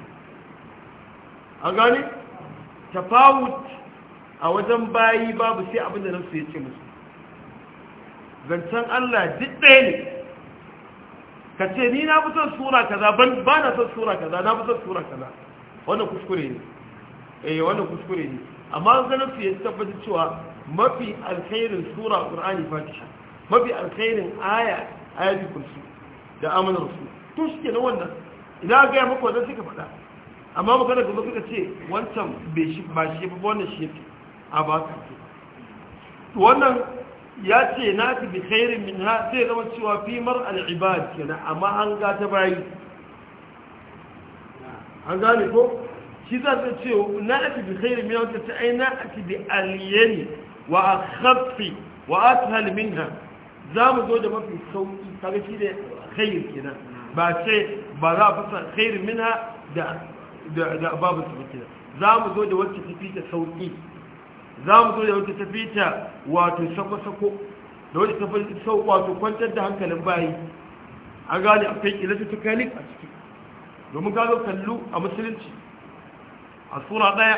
Speaker 1: a gani tafawut a wajen bayi babu sai abin da su ya ce musu zancen Allah duk ɗaya ne ka ce ni na fi son sura kaza ban ba na son sura kaza na fi son sura kaza wannan kuskure ne eh wannan kuskure ne amma ganin su ya tabbata cewa mafi alkhairin sura qur'ani fatiha mafi alkhairin aya ayatul kursi da amanar su to shike na wannan ina ga muku wannan suka faɗa amma magana gaba suka ce wancan bai shi ba shi ba wannan shi yake a ba ka wannan ya ce na ta bi khairin min ha zai zama cewa fi mar al'ibad kenan amma an ga ta bayi an gane ko shi za ta ce na ta bi khairin min ha ta aina a ta bi aliyani wa a khafi wa a ta halmin ha za mu zo da mafi sauƙi kaga shi da khair kenan ba ce ba za a fasa khairin min ha da babu su kenan za mu zo da wacce ta fi ta sauƙi za mu zo da wata tafita wato sako-sako da wata tafita sau wato kwantar da hankalin bayi a gane akwai electrocanic a ciki domin gano kallo a musulunci a sura daya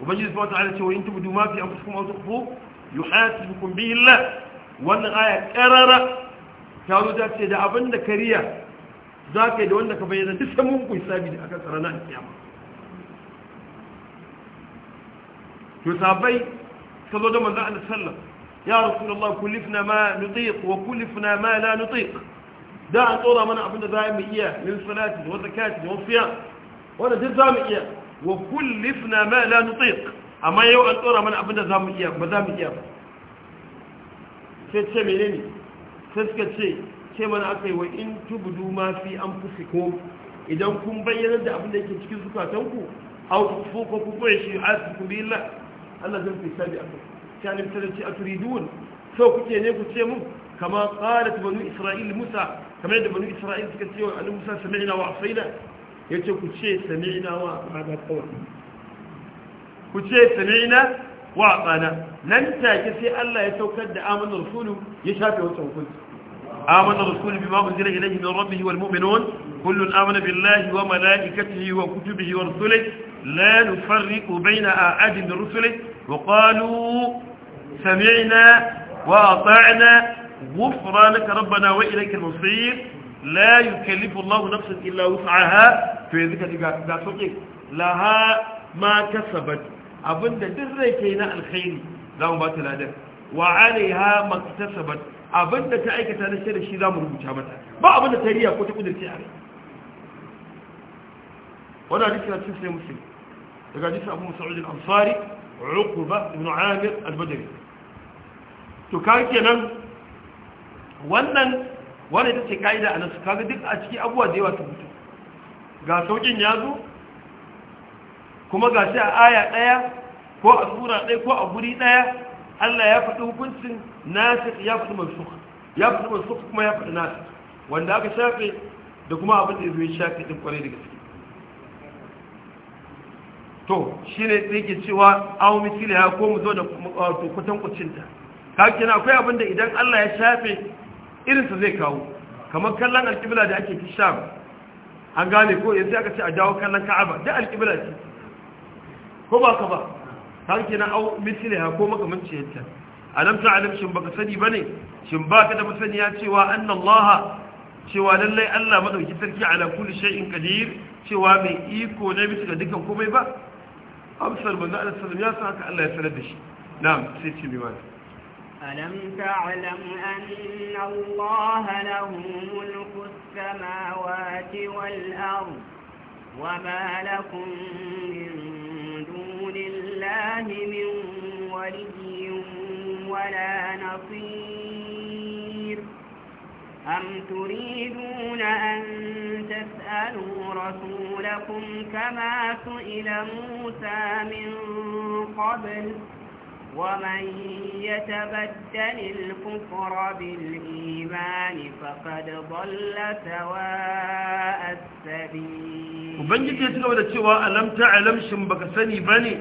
Speaker 1: ubangiji subhanahu wa ta'ala cewa in tubdu ma fi anfusikum aw tukhfu yuhasibukum bihi Allah wannan aya karara ta zo ta ce da abin da kariya za ka yi da wanda ka bayyana duk sai mun ku hisabi da aka tsara na kiyama to sabai suka zo da manzon Allah sallam ya rasulullah kulifna ma nutiq wa kulifna ma la nutiq da an tsora mana abin da za mu iya min salati wa zakati da siyam wanda duk za mu iya wa kulifna ma la nutiq amma yau an tsora mana abin da za mu iya ba za mu iya ba sai ce menene sai suka ce ce mana aka yi wa in tubudu ma fi an fusiko idan kun bayyana da abin da yake cikin zukatanku a ko ku koya shi a cikin billah Allah zai fi sabi akai sai annabi ta ce aturidun so kuke ne ku ce mun kama qalat banu isra'il musa kamar yadda banu isra'il suka ce wa annabi musa sami'na wa asaina yace ku ce sami'na wa ba'da qawl ku ce sami'na wa ba'da nan take sai Allah ya saukar da amana rasulu ya shafe wancan hukunci آمن الرسول بما أنزل إليه من ربه والمؤمنون كل آمن بالله وملائكته وكتبه ورسله لا نفرق بين أحد من رسله وقالوا سمعنا وأطعنا غفرانك ربنا وإليك المصير لا يكلف الله نفسا إلا وسعها في ذلك لا تطيق لها ما كسبت أبن دري كينا الخير لهم بات الأدب وعليها ما اكتسبت أبن تأيك تنشر الشيء لا مربوطة متى ما أبن تريها كنت قدرتي عليه wani hadisi na cikin sai muslim daga hadisi abu musa'ud al-ansari uqba ibn amir al-badri to ka nan wannan wani ta ce ka'ida a nasu kaga duk a ciki abuwa da yawa ta mutu ga saukin ya zo kuma ga shi a aya ɗaya ko a tsura ɗaya ko a guri ɗaya allah ya faɗi hukuncin nasir ya faɗi mansuk ya faɗi mansuk kuma ya faɗi nasir wanda aka shafe da kuma abin da ya zo ya shafe ɗin kwarai da gaske to shi ne yake cewa awu misili ya ko mu zo da kutan kucinta kake na akwai abinda idan Allah ya shafe irinsa zai kawo kamar kallon alƙibla da ake fi sham an gane ko yanzu aka ce a dawo kallon ka'aba da alƙibla ce ko ba ka ba kake na awu misili ya ko makamanciyarta alam ta'alam shin baka sani ba ne shin baka da masaniya cewa annallaha cewa lallai Allah madauki sarki ala kulli shay'in qadir cewa mai iko ne bisa ga dukan komai ba أبصر بالنقل السلم يسعك ألا يسندش نعم سيدي بمعنى
Speaker 2: ألم تعلم أن الله له ملك السماوات والأرض وما لكم من دون الله من ولي ولا نصير أم تريدون أن تسألوا رسولكم كما سئل موسى من قبل ومن يتبدل الكفر بالإيمان فقد ضل سواء السبيل
Speaker 1: وبنجد يتقوى لتشوى ألم تعلم شمبك سني بني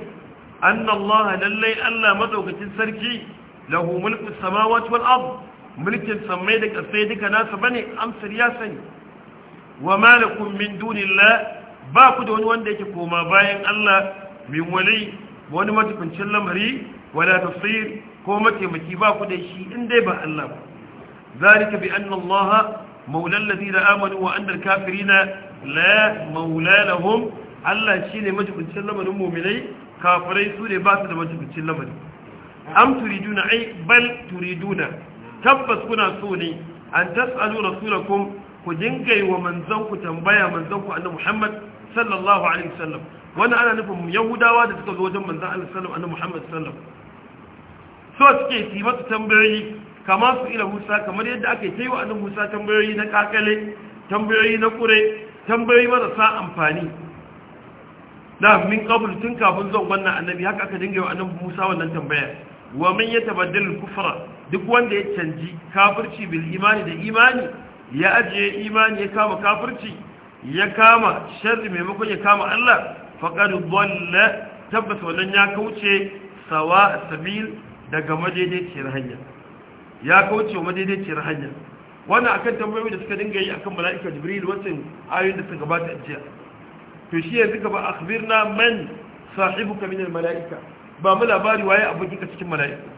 Speaker 1: أن الله للي ألا مدعوك تنسركي له ملك السماوات والأرض mulkin sammai da kasai duka nasa ba ne amsar ya sani wa malakum min dunillah ba ku da wani wanda yake koma bayan Allah min wali wani matukuncin lamari wala tafsir ko mataimaki ba ku da shi in dai ba Allah ba zalika bi anna Allah maula alladhina amanu wa anna al-kafirina la maula lahum Allah shine matukuncin lamarin mu'minai kafirai su ne ba su da matukuncin lamari am turiduna ai bal turiduna tabbas kuna so ne an tas'alu rasulakum ku dinga wa manzon ku tambaya manzon ku annabi Muhammad sallallahu alaihi wasallam wannan ana nufin yahudawa da suka zo wajen manzon Allah sallallahu alaihi Muhammad sallallahu so suke yi masa tambayoyi kamar su ila Musa kamar yadda aka yi wa annabi Musa tambayoyi na kakale tambayoyi na kure tambayoyi marasa amfani da min qabl tun kafin zan wannan annabi haka aka dinga wa annabi Musa wannan tambaya wa ya yatabaddal kufra duk wanda ya canji kafirci bil imani da imani ya ajiye imani ya kama kafirci ya kama sharri maimakon ya kama Allah faqad dhalla tabbata wannan ya kauce sawa sabil daga madaidaiciyar hanya ya kauce madaidaiciyar hanya wannan akan tambayoyi da suka dinga yi akan mala'ika jibril wacin ayoyin da suka gabata a jiya to shi yanzu gaba akhbirna man sahibuka min al mala'ika ba mu labari waye kika cikin mala'iku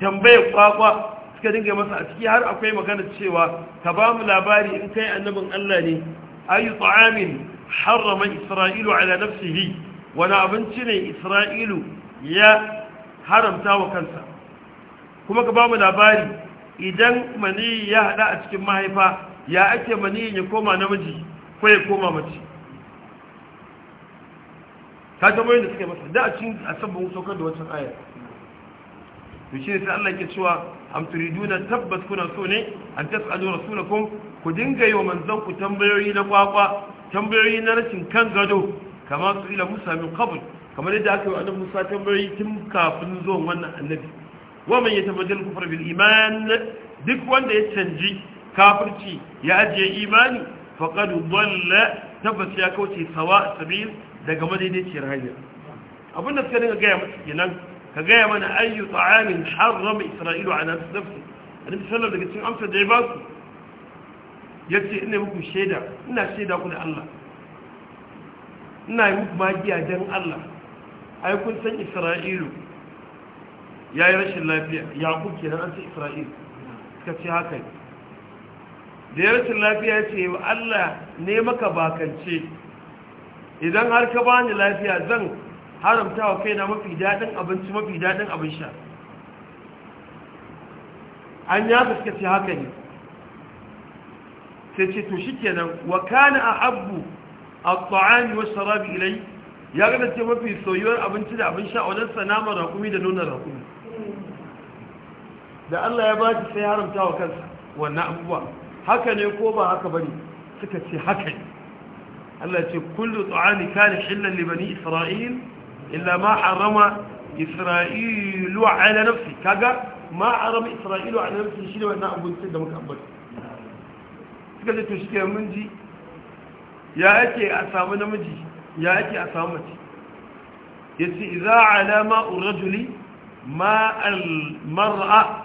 Speaker 1: tambaye kwakwa suka dinga masa a ciki har akwai magana cewa ka ba mu labari in kai annabin Allah ne ayu ta'amin harrama isra'ilu ala nafsihi wani abinci ne isra'ilu ya haramta wa kansa kuma ka ba mu labari idan mani ya hada a cikin mahaifa ya ake mani ya koma namiji ko ya koma mace ka ta da suka yi masa da a cikin asabar mun saukar da wancan ayar to shi ne sai Allah ke cewa am turiduna tabbas kuna so ne an tas'alu rasulakum ku dinga yi wa manzon ku tambayoyi na kwakwa tambayoyi na rashin kan gado kamar su ila Musa min qabl kamar yadda aka yi wa annabi Musa tambayoyi tun kafin zuwan wannan annabi wa man yatabaddal kufra bil iman duk wanda ya canji kafirci ya ajiye imani faqad dhalla tabbas ya kauce sawa sabil daga madaidaiciyar hanya abinda suka dinga gaya masa kenan ka gaya mana ayyu ta'amin harrama isra'ilu ala nafsi annabi sallar daga cikin amsar da ya ba su ce ina muku shaida ina shaida ku da Allah ina yi muku magiya dan Allah ai kun san isra'ilu ya yi rashin lafiya Ya yaqub kenan an san isra'ilu ka ce haka ne da ya rashin lafiya ce Allah ne maka bakance idan har ka bani lafiya zan haramta wa kaina mafi daɗin abinci mafi daɗin abin sha an ya fuskaci haka ne sai ce to shi kenan wa kana a abu a tsa'ani wasu sarabi ilai ya gada ce mafi soyuwar abinci da abin sha wajen sanama rakumi da nuna rakumi da Allah ya ba shi sai haramta wa kansa wannan abubuwa haka ne ko ba haka bane suka ce haka ne Allah ce kullu ta'ami kana hillan li bani isra'il illa ma harama isra'ilu ala nafsi kaga ma harama isra'ilu ala nafsi shi ne wannan abincin da muka ambata suka ce to shi ke mun ji ya ake a samu namiji ya ake a samu mace yace idza alama urjuli ma al mar'a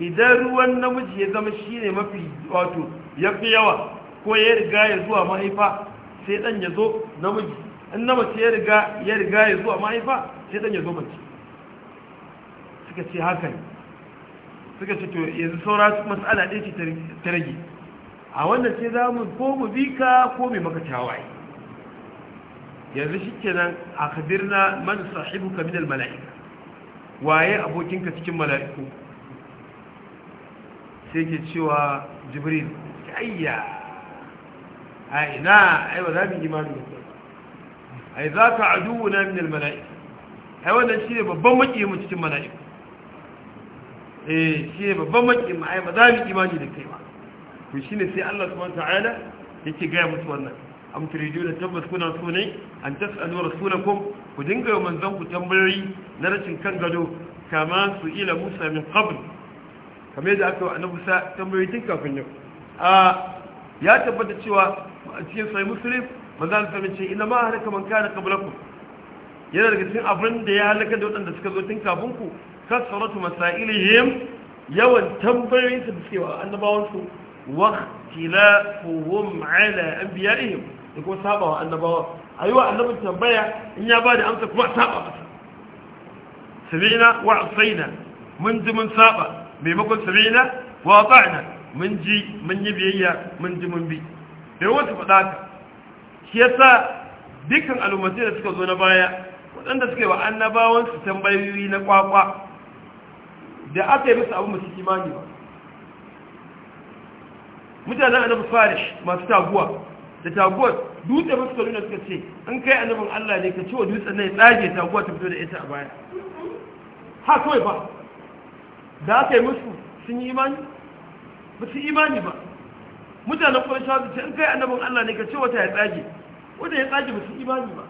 Speaker 1: idan ruwan namiji ya zama shine mafi wato fi yawa ko ya riga ya zuwa mahaifa sai dan ya zo namiji in na mace ya riga ya riga ya zuwa mahaifa sai dan ya zo mace suka ce haka ne suka ce to yanzu saura mas'ala ɗaya ce ta rage a wannan sai za mu ko mu bi ka ko mai maka tawaye yanzu shi kenan a kabirna man sahibu ka mala'ika waye abokinka cikin mala'iku sai ke cewa jibril ayya a ina ai za mu imani ba ai za ka aduwu na min almala'ik ai wannan shi ne babban maki mu cikin mala'ik eh shi ne babban maki mu ai ba za mu imani da kai ba to ne sai Allah subhanahu ta'ala yake ga musu wannan am turiduna tabbas kuna so ne an tasalu rasulakum ku dinga yau zan ku tambayoyi na rashin kan gado kama su ila Musa min qabl kamar yadda aka wa annabi Musa tambayoyi tun kafin yau a ah, ya tabbata cewa a cikin sai muslim manzan sami ce ina ma halaka man kana ku? yana daga cikin abin da ya halaka da waɗanda suka zo tun kafin ku kasaratu masailihim yawan tambayoyin su da suke wa annabawan su wa ikhtilafuhum ala anbiya'ihim da kuma saba wa annabawa ayi wa annabin tambaya in ya ba bada amsa kuma saba masa sami'na wa asaina mun ji mun saba maimakon sami'na wa ata'na mun ji mun yi biyayya mun ji mun bi bai wasu faɗa ka shi yasa dukkan al'ummatai da suka zo na baya waɗanda suka yi wa annabawan su tambayoyi na kwakwa da aka yi musu abu masu kimani ba mutanen annabi farish masu taguwa da taguwar dutse masu kaluna suka ce an kai annabin allah ne ka ci wa dutsen nan tsage taguwa ta fito da ita a baya ha kawai ba da aka yi musu sun yi imani ba su imani ba mutanen ƙwarshawa da ce in kai annabin Allah ne ka ce wata ya tsage wata ya tsage ba su imani ba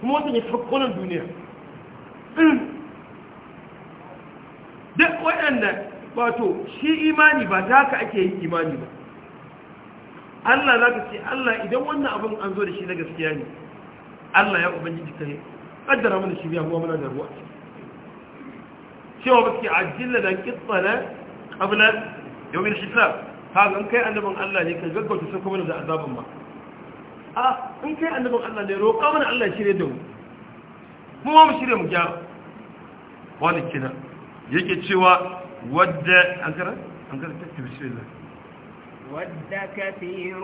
Speaker 1: kuma wata ya tabbonan duniya duk waɗanda wato shi imani ba ta haka ake yin imani ba Allah za ka ce Allah idan wannan abin an zo da shi na gaskiya ne Allah ya ubangi ka ne ƙaddara mana biya kuma mana da ruwa cewa ba ke ajiyar da ƙitsa na ƙabilar yawon shi kaga in kai annabin Allah ne ka gaggauta sai kuma da azabin ba a in kai annabin Allah ne roƙa mana Allah shirye da mu mu ma mu shirye mu gyara wani kina yake cewa wadda an kara an kara tattabi shirye da
Speaker 2: ود كثير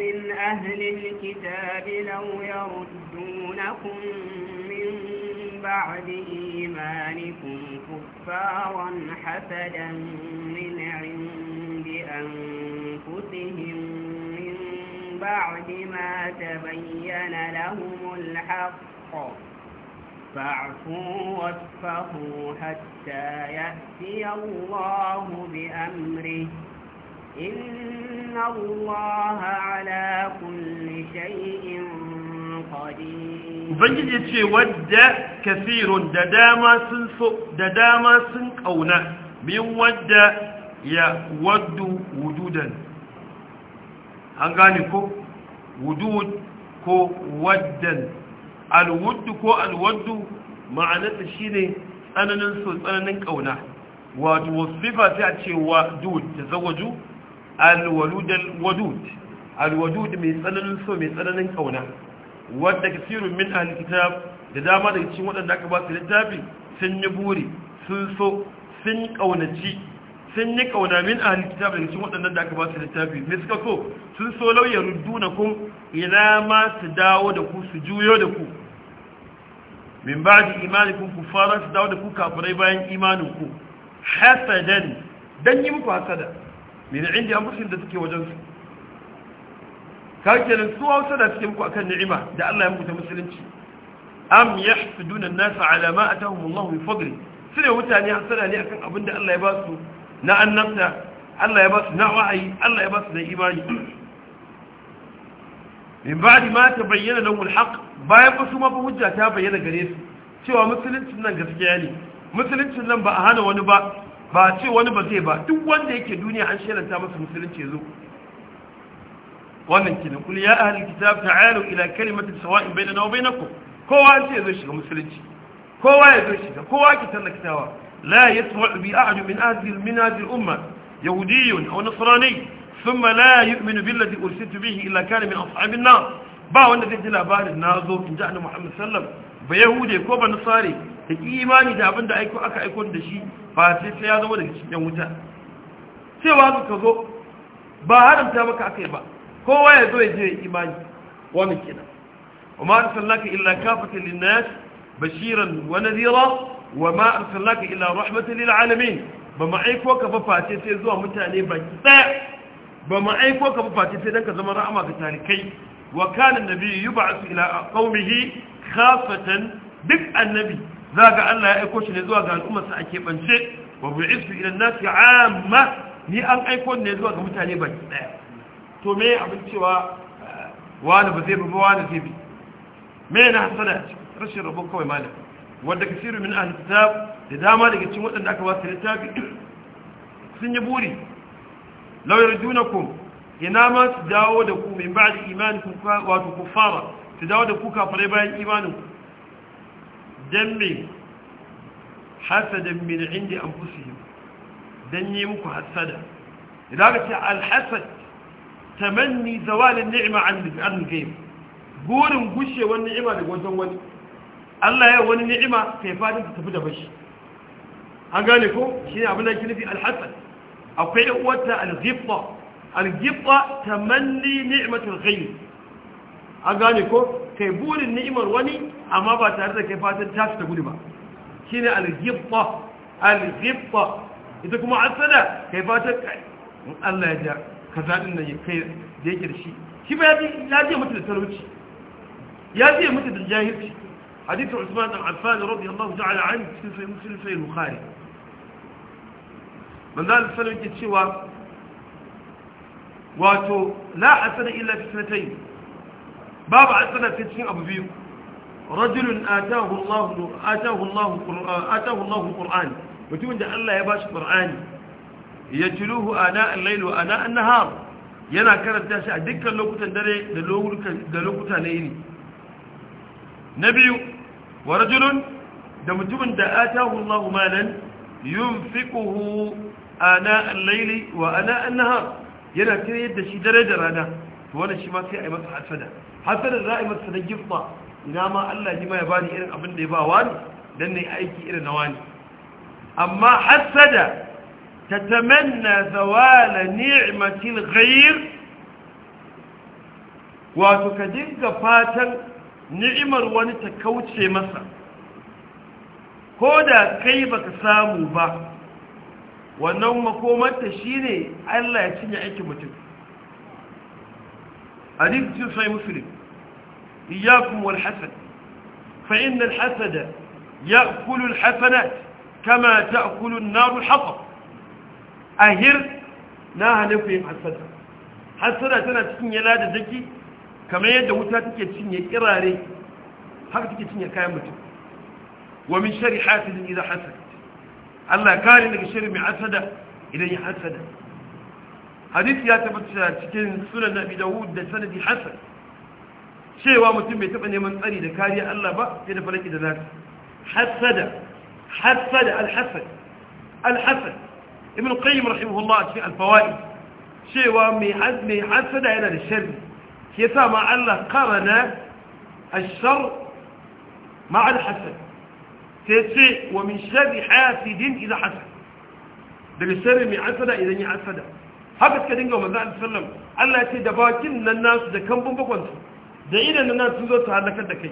Speaker 2: من أهل الكتاب لو يردونكم من بعد إيمانكم كفارا حسدا من عند بأنفسهم من بعد ما تبين لهم الحق فاعفوا واتفهوا حتى يأتي الله بأمره إن الله على كل شيء قدير
Speaker 1: Ubangiji ce wadda kafirun da dama sun so da dama sun min wadda ya waddu wududan an gane ko wudud ko waddan alwuddu ko alwaddu ma'anarsa ne tsananin so tsananin ƙauna, wato wasifa sai a ce wadud tazawwaju alwalud alwadud alwadud mai tsananin so mai tsananin ƙauna, wadda kasirun min alkitab da dama daga cikin waɗanda aka ba su littafi sun yi buri sun so sun ƙaunaci sun yi kauna min ahli kitab daga cikin waɗannan da aka ba su littafi me suka so sun so lauya ruddunakum Ina ma su dawo da ku su juyo da ku min ba'di imanikum fara su dawo da ku kafirai bayan imanin ku hasadan dan yi muku hasada min indi amfushin da suke wajen su kake su hausa da suke muku akan ni'ima da Allah ya muku ta musulunci am yahsuduna an-nasa ala ma atahum Allah min fadli sune mutane hasada ne akan abin da Allah ya ba su na annabta Allah ya ba su na wa'ayi Allah ya ba su na imani min ba'di ma bayyana lahul haqq bayan ba su ma hujja ta bayyana gare su cewa musuluncin nan gaskiya ne musuluncin nan ba a hana wani ba ba ce wani ba zai ba duk wanda yake duniya an shelanta masa musulunci zo wannan kina kul ya ahli kitab ta'alu ila kalimatin sawa'in bainana wa bainakum kowa an ce zo shiga musulunci kowa ya zo shiga kowa ki tallaktawa لا يسمع بأحد من أهل من هذه الأمة يهودي أو نصراني ثم لا يؤمن بالذي أرسلت به إلا كان من أصحاب النار ba wanda zai ji labarin na zo in Muhammad sallam ba yahude ko ba nasare ta ki imani da abin da aka aiko da shi ba sai sai ya zama daga cikin wuta cewa su ka zo ba haramta maka akai ba kowa ya zo ya je imani wannan kenan wa ma illa bashiran wa ma arsalnaka ila rahmatan lil alamin ba mu aiko ka ba sai zuwa mutane baki daya ba mu aiko ka ba face sai dan ka zama rahama ga talikai wa kana nabi yub'athu ila qaumihi khafatan duk annabi zaga Allah ya aiko shi ne zuwa ga al'umma al'ummarsa a keɓance wa bu'istu ila nasi amma ni an aiko ne zuwa ga mutane baki daya to me abin cewa eh, wani ba zai ba? wani zai bi me na hasala rashin rabon kawai malam wadda kasiru min ahli kitab da dama daga cikin waɗanda aka ba su littafi sun yi buri law yarjunakum ina ma su dawo da ku min ba'd imanikum wato fara. su dawo da ku kafirai bayan imanin ku dan me hasadan min indi anfusihim dan yi muku hasada idan ka ce alhasad tamanni zawal an-ni'ma an al-ghayb burin gushewar ni'ima daga wajen wani Allah ya wani ni'ima kai fadin ta tafi da bashi an gane ko shine abin da ke nufi al-hasan akwai uwata al-ghibba al-ghibba tamanni ni'matul ghayr an gane ko kai burin ni'imar wani amma ba tare da kai fatan ta ta gudu ba shine al-ghibba al-ghibba ita kuma asada kai fatan in Allah ya ja kaza din nan kai da ya da shi shi ba ya ji mutu da talauci ya ji mutu da jahilci حديث عثمان بن عفان رضي الله تعالى عنه في مسلم البخاري من ذلك السلام يجد سوى wato la hasana illa fitnatayn babu hasana fi cikin abu biyu rajulun atahu Allah atahu Allah atahu Allah Qur'an mutumin da Allah ya bashi Qur'ani yatluhu ana al-layl wa ana an-nahar yana karanta shi a duka lokutan dare da lokutan da na biyu wa da mutumin da atahu Allahu malan yunfiquhu a al-layli wa a an-nahar yana ta yadda shi dare da rana to wani shi ma sai a yi masa hasada hasada za a yi masa na gifma ina ma Allah ji ma ya bani irin abin da ya ba wani dan ne aiki irin na wani amma hasada tatamanna zawala ni'matil ghayr wato ka dinga fatan ni'imar wani ta kauce masa ko da kai ba ka samu ba wannan makomarta ne Allah ya cinye aikin mutum A cikin sai musulun, iyyakum wal hasad fa inna al hasada ya'kulu al hasanat kama ta'kulu an nar al hatab ahir na hanafi hasada hasada tana cikin yala da zaki kamar yadda wuta take cinye kirare haka take cinye kayan mutum wa min shari hasidin idan hasad Allah kare daga shari mai hasada idan ya hasada hadisi ya tabbata cikin sunan Abi Dawud da sanadi hasan cewa mutum bai taba neman tsari da kariya Allah ba sai da falaki da nasi hasada hasada al-hasad al ibn qayyim rahimahullah cikin al-fawaid cewa mai hasada yana da sharri shi yasa ma Allah karana ash-shar hasad al sai ce wa min sharri hasidin idha hasad daga sharri mai asada idan ya asada haka suka dinga manzo Allah sallam Allah ya ce da bakin nan nasu da kambun bakon su da idan nan sun zo su halakar da kai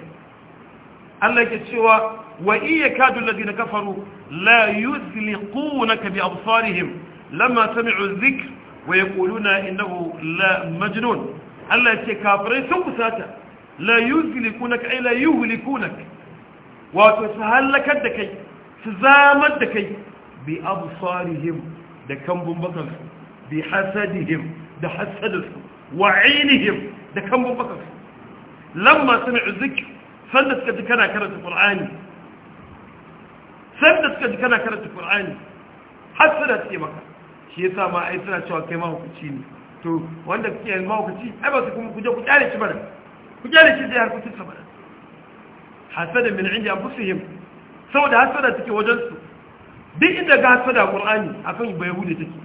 Speaker 1: Allah yake cewa wa iya kadu alladhina kafaru la yuzliqunaka bi absarihim lamma sami'u dhikr wa yaquluna innahu la majnun Allah ce kafirai sun fusata la yuzlikunaka ay la yuhlikunaka wato su halakar da kai su zamar da kai bi absarihim da kambun bakansu bi hasadihim da hasadarsu wa ainihim da kambun bakansu lamma sami'u zikr sanda suka ji kana karanta qur'ani sanda suka ji kana karanta qur'ani hasada ce maka shi yasa ma ai suna cewa kai ma hukunci ne to wanda kuke yin mahaukaci ai ba su kuma kuje ku kyale shi bana ku kyale shi zai harkokin sa bana hasada min inda anfusihim saboda hasada take wajen su duk inda ga hasada qur'ani akan bayahudi take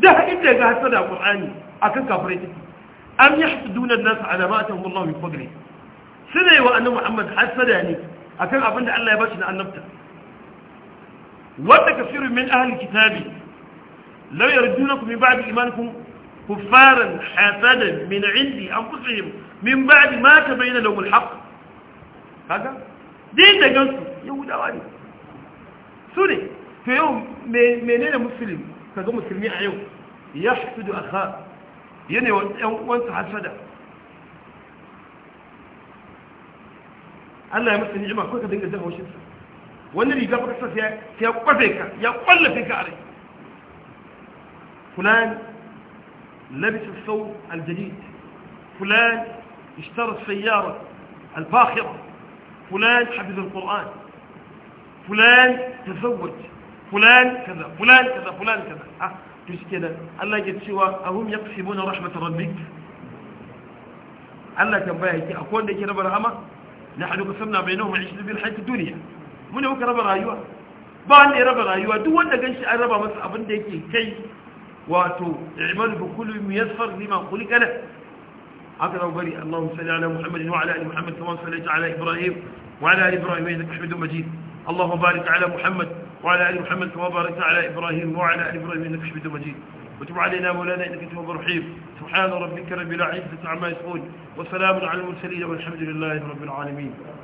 Speaker 1: duk inda ga hasada qur'ani akan kafirai take am yahsuduna an-nas ala ma atahum Allah min fadli sunai wa annabi Muhammad hasada ne akan abinda Allah ya bashi na annabta wanda kafirun min ahli kitabi لو يردونكم من بعد إيمانكم كفارا حسدا من عندي أنفسهم من بعد ما تبين لهم الحق هذا دين ده يهود أولي سوري في يوم منين مسلم كذو مسلمي عيو يحسد أخاء يني وانت حسدا قال له يا مسلم يجمع كل dinga jin haushinsa wani riga ba kasa ya kwafe ka ya kwallafe فلان لبس الثوب الجديد فلان اشترى السيارة الفاخرة فلان حفظ القرآن فلان تزوج فلان كذا فلان كذا فلان كذا أه مش كذا الله يجد سوى أهم يقسمون رحمة ربك الله تنبيه أكون لك رب أما نحن قسمنا بينهم عيشنا بالحياة الدنيا من هو رب الرحمة ba ne raba دون أن wanda gan shi an raba واتو اعملوا بكل يسفر لما خلق له هكذا وبري اللهم صل على محمد وعلى ال محمد كما صليت على ابراهيم وعلى ال ابراهيم انك حميد مجيد اللهم بارك على محمد وعلى ال محمد كما باركت على ابراهيم وعلى ال ابراهيم انك حميد مجيد وتب علينا مولانا انك تواب رحيم سبحان ربك رب العزه عما يصفون وسلام على المرسلين والحمد لله رب العالمين